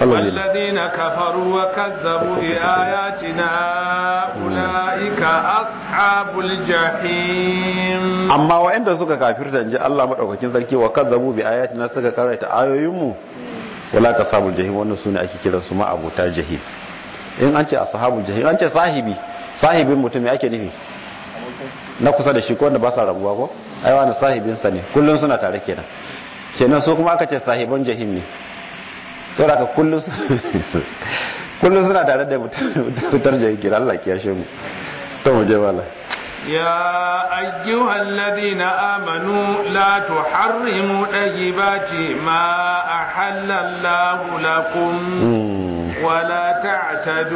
الذين كفروا وكذبوا بآياتنا أولئك أصحاب الجحيم أما وإن سكا كافر تنجي الله مدعوكين ذلك وكذبوا بآياتنا سكا كارت آيو يمو ولا أصحاب الجحيم وأن سوني أكي كلا سماء أبو تا إن أنت أصحاب الجحيم أنت صاحبي صاحبي متمي أكي نفي نقصة kusa da shi ko wanda ba sa rabuwa ko ai wani sahibinsa ne kullum suna tare kenan so kuma aka ce sahiban jahim saboda ka kullum suna tare da fitar jankira Allah ke yashe mu ta waje bala ya ayyuhal ladina amanu Latu, la tuharrimu dajibati ma ahallallahu lakum hmm. wala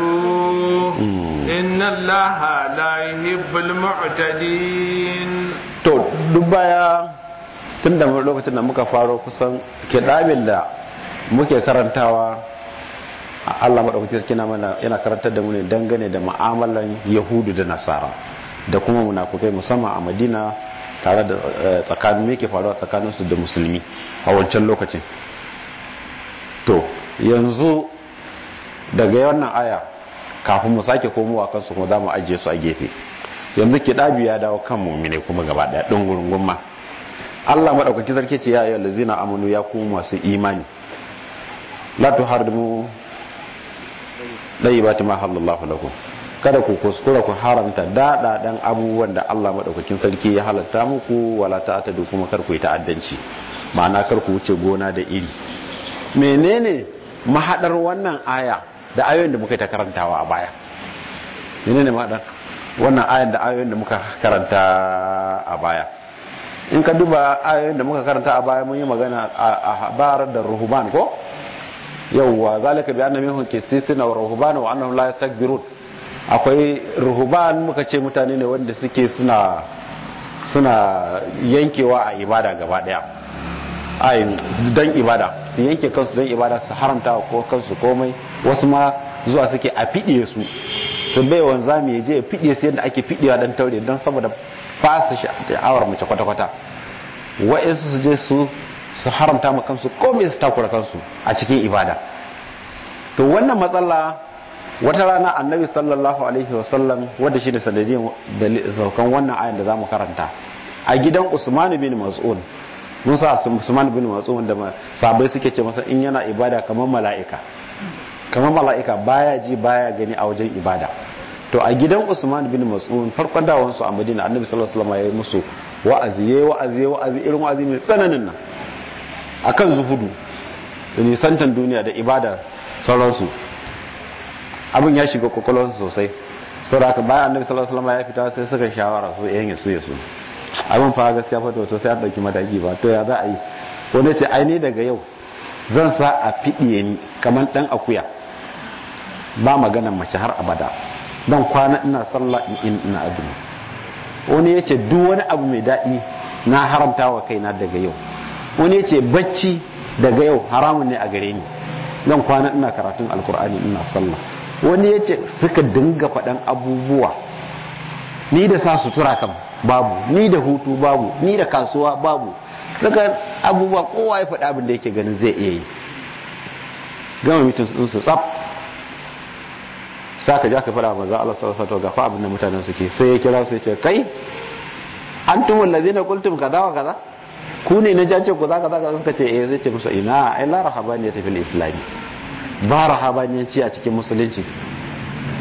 hmm. Ina laha la yuhibbul mu'tadin to tun tunda lokacin da muka faro kusan ke dabin da muke karantawa Allah madaukakin kina mana yana karantar da mu ne dangane da mu'amalan Yahudu da Nasara da kuma munafukai musamman a Madina tare da eh, tsakanin me ke faruwa tsakanin su da musulmi a wancan lokacin to yanzu daga wannan aya kafin mu sake komowa kansu kuma za mu ajiye su a gefe yanzu kidabi ya dawo kan mu'mine kuma gaba daya dungurungun ma Allah madaukaki sarki ce ya ayyuhal ladzina amanu ya kuma masu imani la tuharrimu dayyibati ma halallahu lakum kada ku kuskura ku haramta dada dan abubuwan da Allah madaukakin sarki ya halatta muku wala ta'tadu kuma kar ku yi ta'addanci ma'ana kar ku wuce gona da iri menene mahadar wannan aya da ayoyin da muka ta karantawa a baya menene mahadar wannan aya da ayoyin da muka karanta a baya in ka duba ayoyin da muka karanta a baya mun yi magana a habar da ruhuban ko yawwa zalika bi annahum minhum qissisina wa ruhbana wa annahum la yastakbirun akwai ruhban muka ce mutane ne wanda suke suna suna yankewa a ibada gaba daya ai dan ibada su yanke kansu dan ibada su haramta ko kansu komai wasu ma zuwa suke a fide su su bai wanzami ya je ya fide su yadda ake fidewa dan taure dan saboda fasa sha'awar mace kwata-kwata wa'insu su je su su haramta ma kansu komai su takura kansu a cikin ibada to wannan matsala wata rana annabi sallallahu alaihi wasallam wanda shi da sanadin saukan wannan ayan da za mu karanta a gidan usman bin mas'ud musa usman bin mas'ul wanda sabai suke ce masa in yana ibada kamar mala'ika kamar mala'ika baya ji baya gani a wajen ibada to a gidan usman bin mas'ul farkon dawon su a madina annabi sallallahu alaihi wasallam ya yi musu wa'azi yayi wa'azi wa'azi irin wa'azi mai tsananin nan a kan zuhudu da nisantan duniya da ibada sauransu abin ya shiga kwakwalwarsu sosai da aka bayan annabi sallallahu alaihi wasallam ya fita sai suka shawara su yan eh, yasu yasu abin fa gaskiya fa to sai an dauki mataki ba to ya za a yi wani ce ai ne daga yau zan sa a fidiye ni kamar dan akuya ba maganan mace har abada dan kwana ina sallah in ina azumi wani ya ce duk wani abu mai daɗi na haramta wa kaina daga yau wani ya ce bacci daga yau haramun ne a gare ni zan kwana ina karatun alkur'ani ina sallah wani ya ce suka dinga faɗan abubuwa ni da sa sutura kan babu ni da hutu babu ni da kasuwa babu suka abubuwa kowa ya faɗa abin da yake ganin zai iya yi gama mitin din su tsaf saka ja ka fara maza Allah sallallahu alaihi wasallam ga abin da mutanen suke sai ya kira su ya ce kai antum allazina qultum kaza wa kaza ku ne na jance ku zaka zaka suka ce eh zai ce musu ina ai la rahabaniya ta fil islami ba rahabaniyanci a cikin musulunci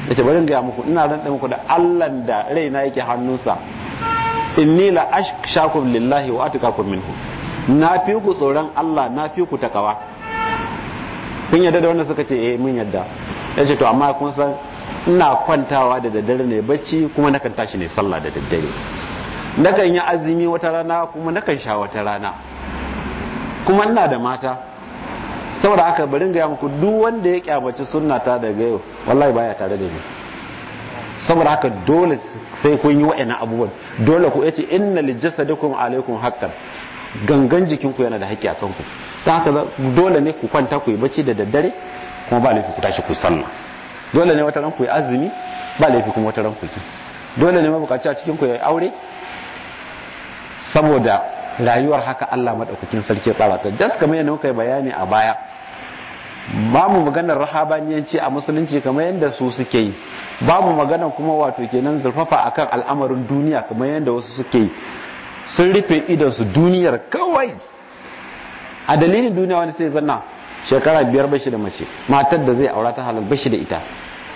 yace bari ga muku ina da muku da Allah da raina yake hannunsa inni la ashkakum lillahi wa atqakum minhu na fi ku tsoron Allah na fi ku takawa kun yadda da wanda suka ce eh mun yadda yace to amma kun san ina kwantawa da daddare ne bacci kuma nakan tashi ne sallah da daddare nakan yi azumi wata rana kuma nakan sha wata rana kuma ina da mata saboda haka barin ga muku duk wanda ya kyamaci sunna ta daga yau wallahi baya tare da ni saboda haka dole sai kun yi wa'annan abubuwan dole ku yace inna li jasadikum alaikum haqqan gangan jikinku yana da haƙƙi a kanku ta haka dole ne ku kwanta ku yi bacci da daddare kuma ba laifi ku tashi ku sallah dole ne wata ran ku yi azumi ba laifi kuma wata ran ku ki dole ne mabukaci a cikin ku ya aure saboda rayuwar haka Allah madaukakin sarki tsara ta just kamar yadda muka yi bayani a baya babu maganar rahabaniyanci a musulunci kamar yadda su suke yi babu maganar kuma wato kenan zurfafa akan al'amarin duniya kamar yadda wasu suke yi sun rufe idan su duniyar kawai a dalilin duniya wani sai zanna shekara biyar bashi da mace matar da zai aura ta halal bashi da ita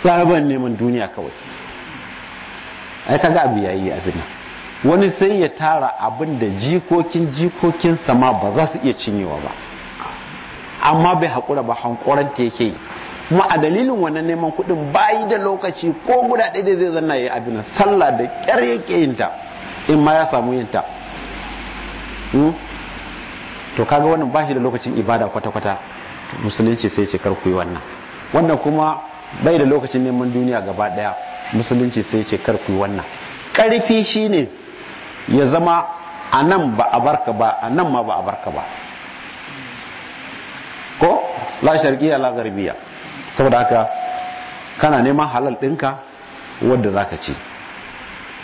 sabon neman duniya kawai ai ga abu yayi abin nan wani sai ya tara abin da jikokin jikokinsa ma ba za su iya cinyewa ba amma bai haƙura ba hankoranta yake yi kuma a dalilin wannan neman kuɗin bayi da lokaci ko guda ɗaya da zai zanna ya yi abin sallah da ƙyar yake yin ta in ma ya samu yin ta hmm? to kaga wannan ba shi da lokacin ibada kwata-kwata musulunci sai ce kar ku yi wannan wannan kuma bai da lokacin neman duniya gaba ɗaya musulunci sai ce kar ku yi wannan ƙarfi shine ya zama a nan ba a barka ba a nan ma ba a barka ba ko la sharqiyya la gharbiyya saboda haka kana neman halal dinka wadda zaka ci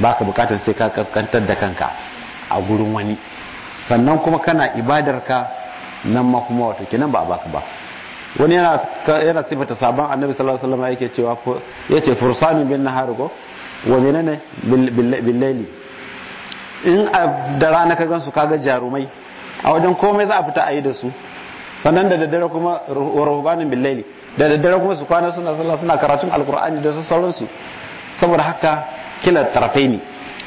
baka bukatar sai ka kaskantar da kanka a gurin wani sannan kuma kana ibadarka nan ma kuma wato kenan ba a baka ba wani yana yana sifata sabon annabi sallallahu alaihi wasallam yake cewa yace fursani bin nahar ko wa menene bil laili in da rana ka gansu kaga jarumai a wajen komai za a fita a yi da su sannan da daddare kuma rahubanin billaili da daddare kuma su kwana suna sallah suna karatun alkur'ani da sauransu saboda haka kila tarafai ne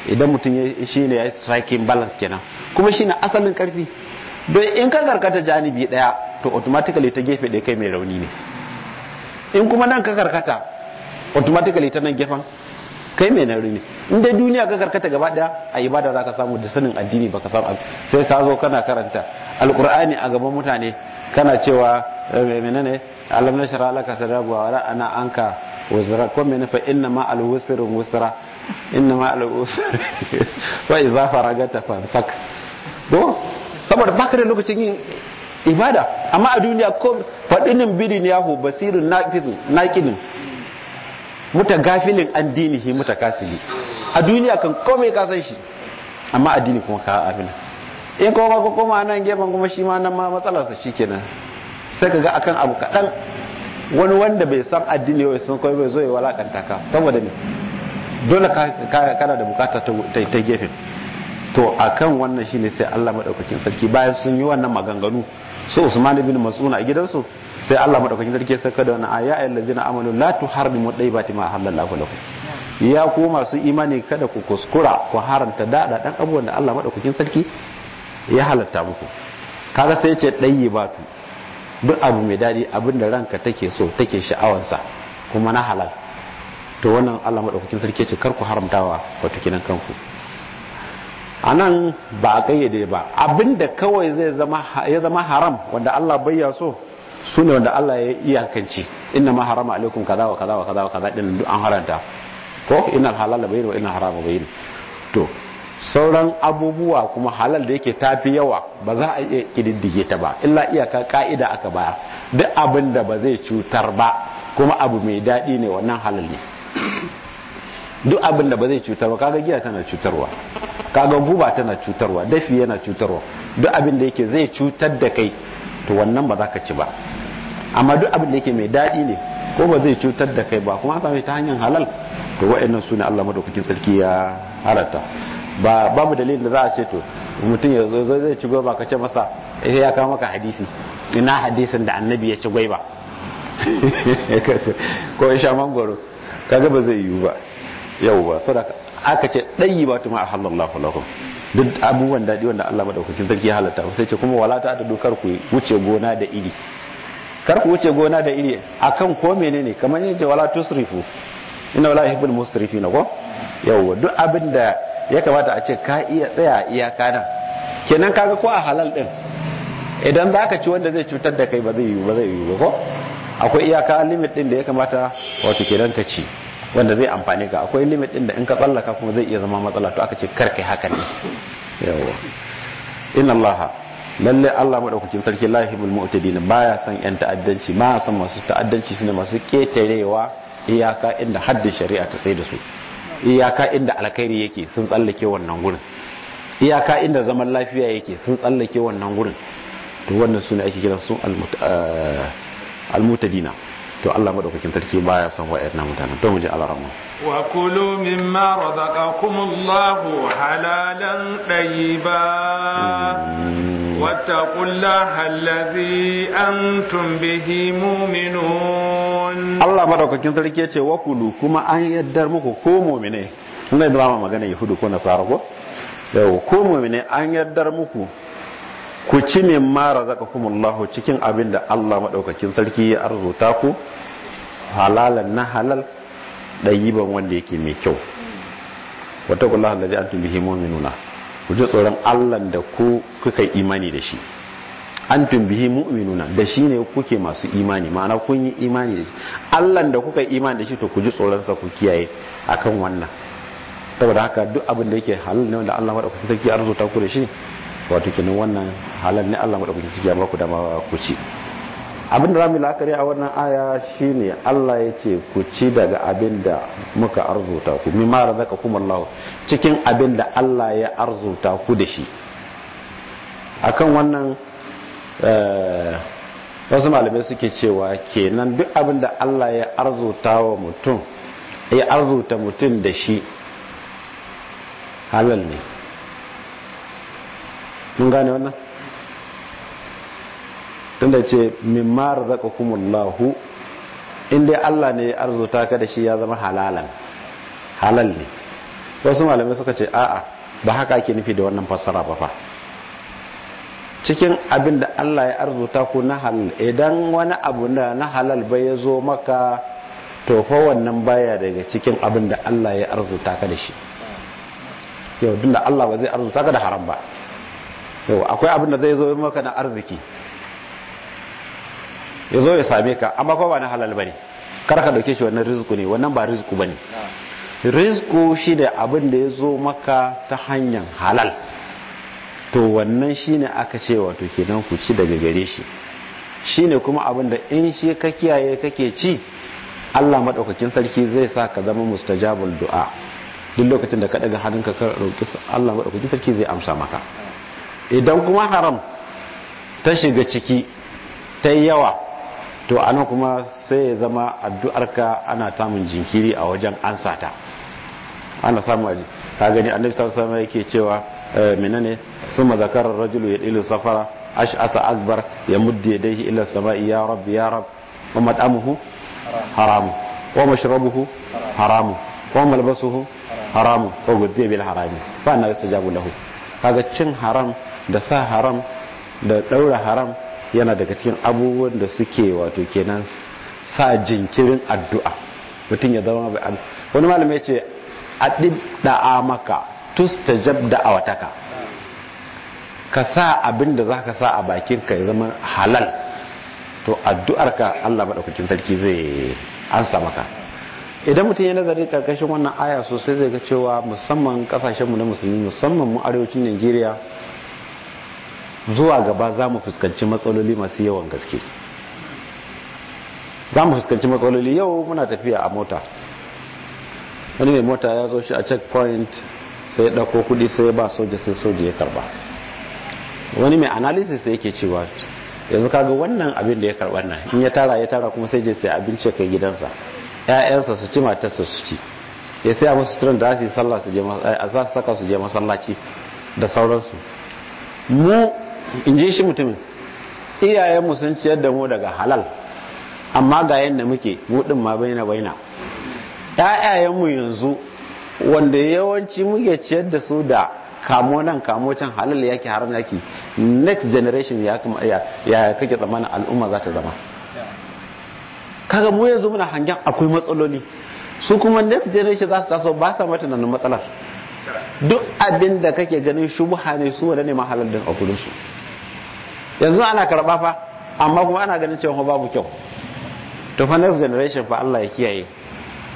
idan mutum ya shi ne ya yi striking balance kenan kuma shi ne asalin karfi don in ka karkata janibi daya to automatically ta gefe ɗaya kai mai rauni ne in kuma nan ka karkata automatically ta nan gefen kai mai nauri ne in dai duniya ka karkata gaba daya a ibada ka samu da sanin addini baka abu sai ka zo kana karanta alkur'ani a gaban mutane kana cewa eh, menene alam na shara alaka sadaqa wa ana anka wuzra ko menene fa inna ma al wusra wusra inna ma al wusra wa idza faragata fansak do saboda baka da lokacin yin ibada amma a duniya ko fadinin ya hu basirin naqizu naqidin muta gafilin an muta kasili a duniya kan komai ka san shi amma addini kuma ka abin in kuma ko kuma nan gefen kuma shi ma nan ma matsalarsa shi nan sai kaga akan abu kaɗan wani wanda bai san addini bai san komai bai zo ya walakanta ka saboda ne dole kana da bukata ta gefen to a kan wannan shi ne sai Allah maɗaukakin sarki bayan sun yi wannan maganganu su Usman bin Mas'una a gidansu sai Allah madaukakin sarki ya saka da wannan aya ayyul ladina amanu la tuharrimu tayyibati ma halallahu lakum ya ku masu imani kada ku kuskura ku haranta dada dan abubuwan da Allah madaukakin sarki ya halatta muku kaga sai yace ce tayyibatu duk abu mai dadi da ranka take so take sha'awansa kuma na halal to wannan Allah madaukakin sarki yace kar ku haramtawa wato kinan kanku anan ba a kayyade ba abinda kawai zai zama ya zama haram wanda Allah bai so su ne wanda Allah ya iyakanci inna ma harama alaikum kaza wa kaza wa kaza wa kaza din duk an haranta ko ina halala bayyin wa ina harama bayyin to sauran abubuwa kuma halal da yake tafi yawa ba za a iya kididdige ta ba illa iyaka ka'ida aka baya duk abin da ba zai cutar ba kuma abu mai daɗi ne wannan halal ne duk abin da ba zai cutar ba kaga giya tana cutarwa kaga guba tana cutarwa dafi yana cutarwa duk abin da yake zai cutar da kai to wannan ba za ka ci ba amma duk abin da yake mai daɗi ne ko ba zai cutar da kai ba kuma an same ta hanyar halal to wa'annan su ne Allah madaukakin sarki ya harata ba mu dalilin da za a ce to mutum ya zo zai ci ba ka ce masa eh ya kawo maka hadisi ina hadisin da annabi ya ci gwaiba ko ya sha mangoro kaga ba zai yiwu ba yau ba sadaka aka ce ɗayi ba tuma ahallallahu duk abubuwan daɗi wanda Allah madaukakin sarki ya halatta sai ce kuma wala ta tadu kar ku wuce gona da iri kar ku wuce gona da iri akan ko menene kamar yace wala tusrifu inna wala yuhibbul musrifina ko yawa duk abin da ya kamata a ce ka iya tsaya iyaka nan kenan kaga ko a halal ɗin idan za ka ci wanda zai cutar da kai ba zai yiwu ba zai yiwu ba ko akwai iyaka limit ɗin da ya kamata wato kenan ka ci wanda zai amfani ga akwai limit din da in ka tsallaka kuma zai iya zama matsala to aka ce karkai haka ne yawa inna allaha lalle allah madaukakin sarki bil mu'tadin baya san yan ta'addanci ma san masu ta'addanci sune masu ketarewa iyaka inda haddin shari'a ta sai da su iyaka inda alkhairi yake sun tsallake wannan gurin iyaka inda zaman lafiya yake sun tsallake wannan gurin to wannan sune ake kira su eh, al-mutadina to Allah madaukakin sarki baya son wa'annan mutanen to mu Allah alarama wa kulu mimma razaqakumullahu halalan tayyiba mm. wattaqullaha allazi antum bihi mu'minun Allah madaukakin sarki yace wa kulu kuma an yaddar muku ko mu'mine ina da magana yahudu ko nasara ko yau ko mu'mine an yaddar muku ku ci min mara zaka Allah cikin abin da Allah maɗaukakin sarki ya arzuta ku halalan na halal ban wanda yake mai kyau wata kula da zai antu bihi mu'minuna ku ji tsoron Allah da ku kuka imani da shi antum bihi mu'minuna da shi ne kuke masu imani ma'ana kun yi imani da shi Allah da kuka imani da shi to ku ji tsoron sa ku kiyaye akan wannan saboda haka duk abin da yake halal ne wanda Allah madaukakin sarki ya arzuta ku da shi wato kenan wannan halar ne Allah madaukakin sarki ya ku dama ku ci abin da zamu la'akari a wannan aya shine Allah yake ku ci daga abinda da muka arzuta ku zaka kuma Allah cikin abinda da Allah ya arzuta ku da shi akan wannan eh, wasu malamai suke cewa kenan duk abinda da Allah ya arzuta wa mutum ya arzuta mutum da shi halal ne mun gane wannan da ce mimma razaqakumullahu in inda Allah ne ya arzuta ka da shi ya zama halalan halal ne wasu malamai suka ce a'a ba haka ake nufi da wannan fassara ba fa cikin abin da Allah ya arzuta ku na halal idan wani abu na na halal bai ya zo maka to fa wannan baya daga cikin abin da Allah ya arzuta ka da shi yau dinda Allah ba zai arzuta ka da haram ba yau akwai abin da zai zo maka na arziki ya zo ya same ka amma kuma ba na halal bane kar ka dauke shi wannan rizku ne wannan ba rizku bane rizku shine abin da ya zo maka ta hanyar halal to wannan shine aka ce wato kenan ku ci daga gare shi shine kuma abin da in shi ka kiyaye kake ci Allah madaukakin sarki zai sa ka zama mustajabul du'a duk lokacin da ka daga hannunka ka roki Allah madaukakin sarki zai amsa maka idan kuma haram ta shiga ciki ta yawa to ana kuma sai ya zama addu'arka ana tamun jinkiri a wajen ansa ta ana samu aji Ta gani annabi sallallahu yake cewa eh, menene sun zakara rajulu yadilu safara asa akbar ya dai yadayhi ila sama ya rab ya rab wa mat'amuhu haram wa mashrabuhu haram wa malbasuhu haram wa gudiya bil harami fa annabi sajabu lahu kaga cin haram da sa haram da daura haram yana daga cikin abubuwan da suke wato kenan sa jinkirin addu'a mutum ya zama bai wani malamai ya ce adib da'a maka da da'awataka ka sa abin da ka sa a bakinka ya zama halal to addu'ar ka Allah maɗaukakin sarki zai ansa maka idan mutum ya nazari karkashin wannan aya sosai zai ga cewa musamman kasashen na musulmi musamman mu arewacin nigeria. zuwa gaba za mu fuskanci matsaloli masu yawan gaske za mu fuskanci matsaloli yau muna tafiya a mota wani mai mota ya zo shi a checkpoint sai ya ɗauko kuɗi sai ya ba soja sai soja ya karba wani mai analysis da yake cewa yanzu kaga wannan abin da ya karba nan in ya tara ya tara kuma sai je sai abinci kai gidansa ƴaƴansa su ci matarsa su ci ya sai musu suturan da za su yi sallah za su saka su je masallaci da sauransu mu in ji shi mutumin iyayenmu sun ciyar da mu daga halal amma ga yadda muke buɗin ma baina baina mu yanzu wanda yawanci muke ciyar da su da kamo nan kamo can halal yake haram yake next generation ya ya kake tsammanin al'umma za ta zama kaga mu yanzu muna hangen akwai matsaloli su kuma next generation za su taso ba sa mata nan matsalar duk abin da kake ganin shubuha ne su wane ne mahalar din a gurin yanzu ana karba fa amma kuma ana ganin cewa babu kyau to fa next generation fa Allah ya kiyaye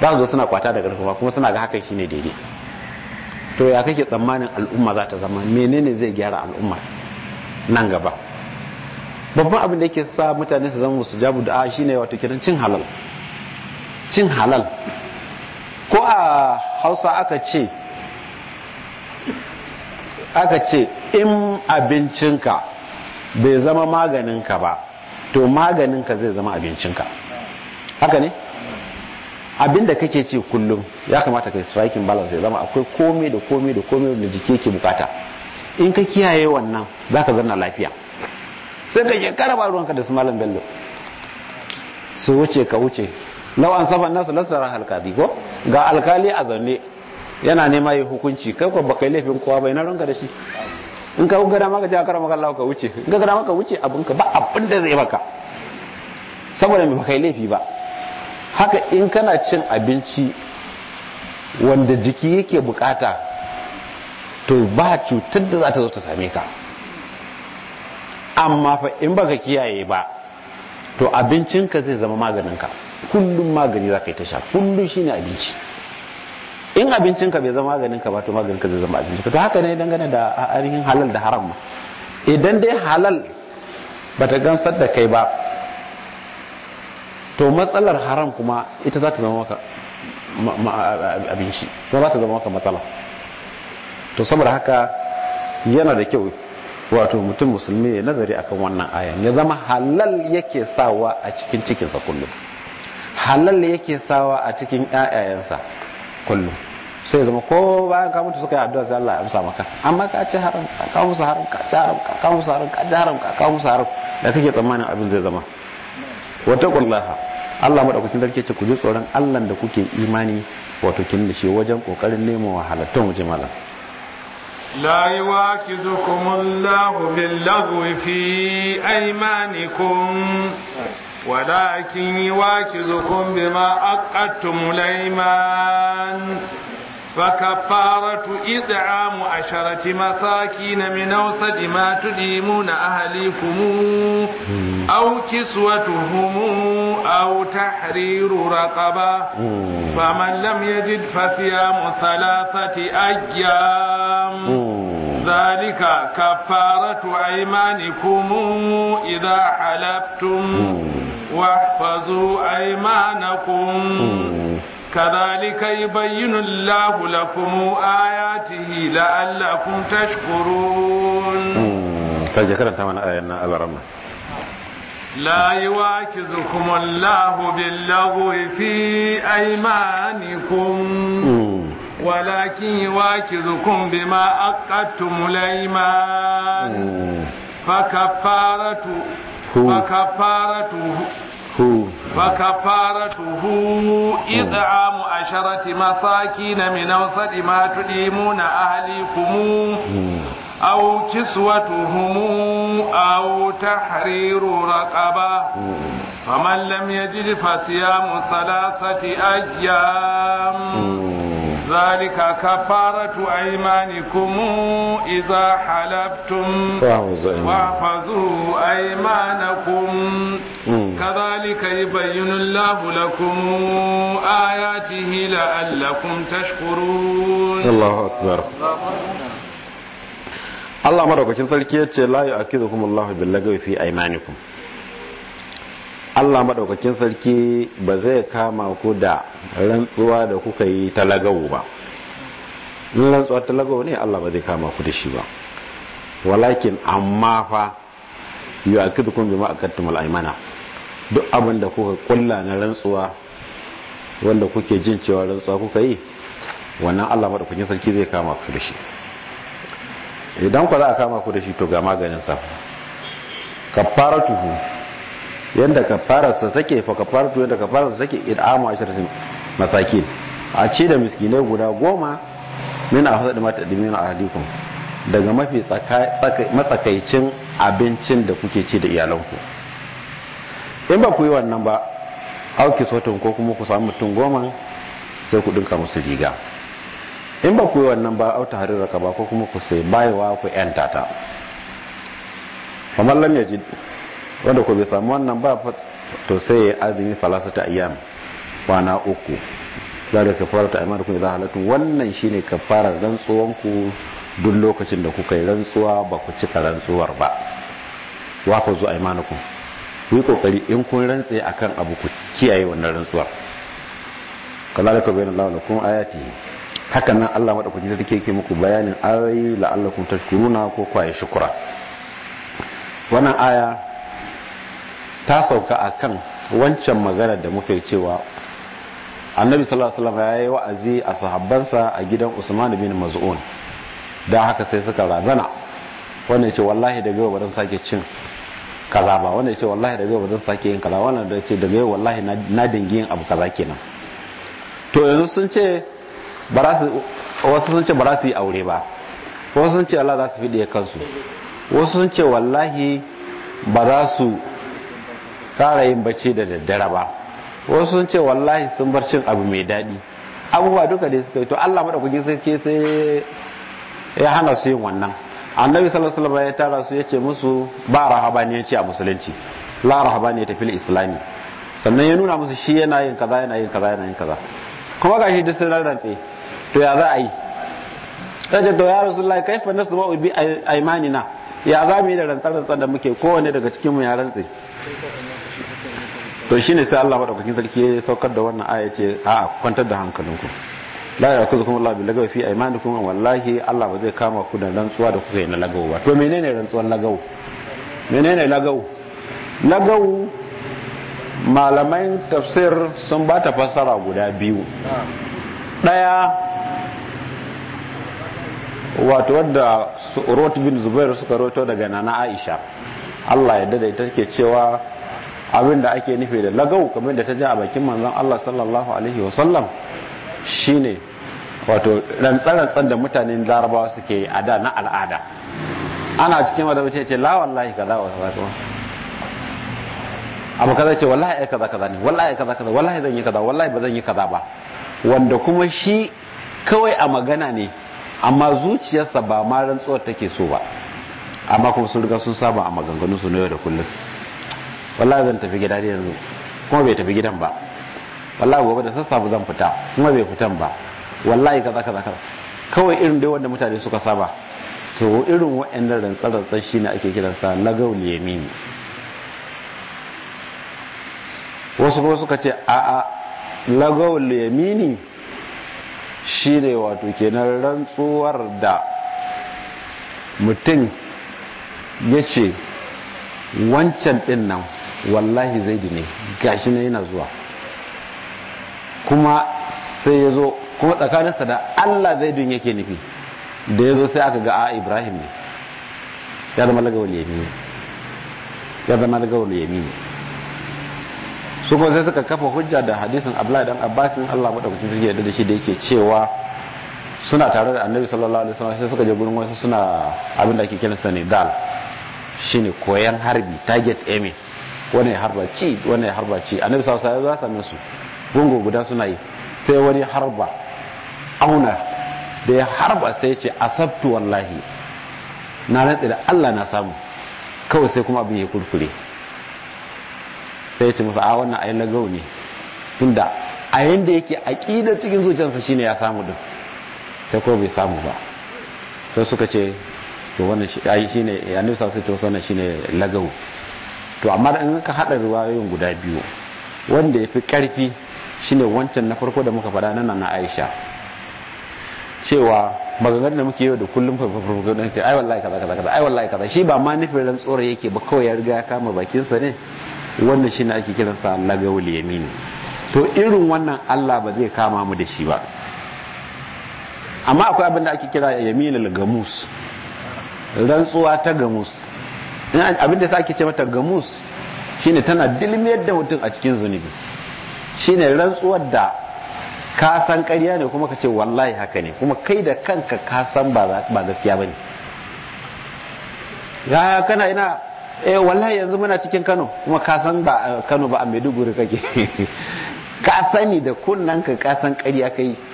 ba su zo suna kwata da karfafa kuma suna ga haka shine daidai to ya kake tsammanin al'umma za ta zama menene zai gyara al'umma nan gaba babban abin da yake sa mutane su zama su jabu da a shine wato kiran cin halal cin halal ko a hausa aka ce aka ce in abincinka bai zama ka ba to maganin ka zai zama abincinka haka ne abinda kake ce kullum ya kamata ka striking balance ya zama akwai komai da komai da komai da jike ke bukata in ka kiyaye wannan zaka zanna lafiya sai ka shekara ba ruwanka da su malam bello su wuce ka wuce lau an na nasu lasarar alkali ko ga alkali a zaune yana nema yi hukunci kai ko baka laifin kowa bai na ranka da shi in ka gada maka ji karo maka ka wuce in ka gada maka wuce abinka ba abin da zai maka saboda mai kai laifi ba haka in kana cin abinci wanda jiki yake bukata to ba cutar da za ta zo ta same ka amma fa in baka kiyaye ba to abincinka zai zama maganin ka, kullum magani za ka yi ta sha kullum shine abinci in abincinka bai zama maganinka ba to ka zai zama abincinka to haka ne dangane da ainihin halal da haram idan dai halal bata gamsar da kai ba to matsalar haram kuma ita za ta zama maka abinci kuma za ta zama maka matsala to saboda haka yana da kyau wato mutum musulmi ya nazari akan wannan ayan ya zama halal yake sawa a cikin cikinsa kullum halal yake sawa a cikin 'ya'yayensa kullum sai zama ko bayan ka mutu suka yi addu'a sai Allah ya amsa maka amma ka ce haram ka kawo musu haram ka ci haram ka kawo musu haram ka ci haram ka kawo musu haram da kake tsammanin abin zai zama wata kullaha Allah madaukakin sarki ce ku ji tsoron Allah da kuke imani wato kin da shi wajen kokarin neman wahalattun wajen jama'a لا يواكزكم الله باللغو في أيمانكم ولكن يواكذكم بما أقدتم الأيمان فكفارة إدعام عشرة مساكين من أوسط ما تديمون أهليكم أو كسوتهم أو تحرير رقبة فمن لم يجد فصيام ثلاثة أيام ذلك كفارة أيمانكم إذا حلفتم واحفظوا أيمانكم كذلك يبين الله لكم آياته لعلكم تشكرون سجكرا تمنى آياتنا على رمى لا يواكزكم الله باللغو في أيمانكم ولكن يواكزكم بما أقدتم الأيمان فكفارة فكفارته فكفارته إطعام عشرة مساكين من أوسط ما تديمون أهليكم أو كسوتهم أو تحرير رقبة فمن لم يجد فصيام ثلاثة أيام ذلك كفارة أيمانكم إذا حلفتم واحفظوا أيمانكم كذلك يبين الله لكم آياته لعلكم تشكرون الله أكبر Allah madaukakin sarki ya ce la yu'akidukum Allahu bil lagawi fi aymanikum Allah maɗaukakin sarki ba zai kama ku da rantsuwa da kuka yi talagawo ba in rantsuwa talagawo ne Allah ba zai kama ku da shi ba walakin amma fa yi a bima a ma'akattum al'aimana duk abin da kuka kulla na rantsuwa wanda kuke jin cewa rantsuwa kuka yi wannan Allah maɗaukakin sarki zai kama ku da shi idan ku za a kama ku da shi to ga maganin sa kafaratuhu Yadda kafararsa take fa kafaratu yanda kafararsa take id'amu asharatin masakin a ci da miskinai guda goma min a da mata a ahlikum daga mafi matsakaicin abincin da kuke ci da iyalanku in ba ku yi wannan ba auki sotun ko kuma ku samu mutum goma sai ku dinka musu riga in ba ku yi wannan ba auta raka ba ko kuma ku sai bayewa ku yanta ta kamar lam yajid wanda ko bai samu wannan ba to sai ya azumi salasata ayyam kwana uku zaga kafara ta kun idza halatu wannan shine kafara rantsuwan ku duk lokacin da kuka yi rantsuwa ba ku cika rantsuwar ba wa ku zo aimanukum ku yi kokari in kun rantse akan abu ku kiyaye wannan rantsuwar kazalika bayyana Allahu lakum ayati haka nan Allah madaukakin sarki yake muku bayanin ayi la'allakum tashkuruna ko kwaye shukura wannan aya ta sauka a kan wancan magana da muka yi cewa annabi sallallahu alaihi wasallam yayi wa'azi a sahabbansa a gidan Usman bin Maz'un da haka sai suka razana wannan ce wallahi daga yau bazan sake cin kaza ba wannan ce wallahi daga yau bazan sake yin kaza wannan da ce daga yau wallahi na dangi yin abu kaza kenan to yanzu sun ce wasu sun ce ba za su yi aure ba wasu sun ce Allah za su fiɗe kansu wasu sun ce wallahi ba za su fara yin bacci da daddare ba wasu sun ce wallahi sun bar cin abu mai daɗi abubuwa duka da suka yi to Allah madaukakin sarki sai ya hana su yin wannan annabi sallallahu alaihi wasallam ya tara su yace musu ba rahabaniyanci a musulunci la rahabaniyata fil islami sannan ya nuna musu shi yana yin kaza yana yin kaza yana yin kaza kuma gashi duk sun rarrafe to ya za a yi sai to ya rasulullahi kaifa nasma'u bi aymanina ya za mu yi da rantsar rantsar da muke kowanne daga cikin mu ya rantse to shine sai Allah madaukakin sarki ya saukar da wannan aya ce a kwantar da hankalinku la yakuzukum kuma labi lagawa fi aymanikum wallahi Allah ba zai kama ku da rantsuwa da kuka yi na lagawa ba to menene rantsuwan lagawa menene lagawa lagawa malamai tafsir sun ba ta fassara guda biyu Ɗaya wato wadda rot bin zubair suka roto daga nana aisha Allah ya ita ke cewa abin da ake nufi da lagau kamar da ta ji a bakin manzon Allah sallallahu alaihi wa sallam shine wato rantsarantsan da mutanen larabawa suke a da na al'ada ana cikin wadda mace ce la wallahi kaza wa kaza kuma abu kaza ce wallahi ai kaza kaza ne wallahi kaza kaza wallahi zan yi kaza wallahi ba zan yi kaza ba wanda kuma shi kawai a magana ne amma zuciyarsa ba ma rantsuwar take so ba amma kuma sun riga sun saba a maganganun su na yau da kullum wallahi zan tafi gida da yanzu kuma bai tafi gidan ba wallahi gobe da sassafe zan fita kuma bai fitan ba wallahi kaza kaza kaza kawai irin dai wanda mutane suka saba to irin waɗannan rantsar-rantsar shi ne ake kiransa ya yamini wasu kuma suka ce a a ya yamini shi ne wato kenan rantsuwar da mutum ya ce wancan dinnan. nan wallahi zai ne gashi na yana zuwa kuma sai ya zo kuma tsakaninsa da allah dun yake nufi da ya zo sai aka ga a ibrahim ne ya zama lagawar ne ya zama lagawar ne su kuma sai suka kafa hujja da hadisun abdullahi dan abbasin allah madaukakin sarki da da shi da yake cewa suna tare da annabi sallallahu alaihi wasallam sai suka je gurin wasu suna abin da ake kiransa ne dal shine koyan harbi target aiming wani ya harba ci wani harba ci annabi sallallahu alaihi wasallam ya su gungu guda suna yi sai wani harba auna da ya harba sai ya ce asabtu wallahi na rantsi da Allah na samu kawai sai kuma abin ya kurkure sai ya ce musa a wannan ayin lagau ne tunda a yanda yake aqidar cikin zuciyarsa shine ya samu din sai kuma bai samu ba sai suka ce to wannan shi ne annabi sallallahu alaihi wasallam shine lagau to amma in ka hada riwayoyin guda biyu wanda yafi karfi shine wancan na farko da muka faɗa nan na Aisha cewa maganganun da muke yau da kullum fa fa ce ai wallahi kaza kaza kaza ai wallahi kaza shi ba ma nufin ran tsore yake ba kawai ya riga ya kama bakin sa ne wannan shine ake kiransa lagawul yamini to irin wannan Allah ba zai kama mu da shi ba amma akwai abin da ake kira yaminul gamus rantsuwa ta gamus abin da ake ce mata gamus shine tana dilmiyar da mutum a cikin zunubi shine rantsuwar da ka san ne kuma ka ce wallahi haka ne kuma kai da kanka ka ba gaskiya ba ne ya kana ina eh wallahi yanzu muna cikin Kano kuma ka san ba Kano ba a Maiduguri kake ka sani da kunnanka ka san ƙarya kai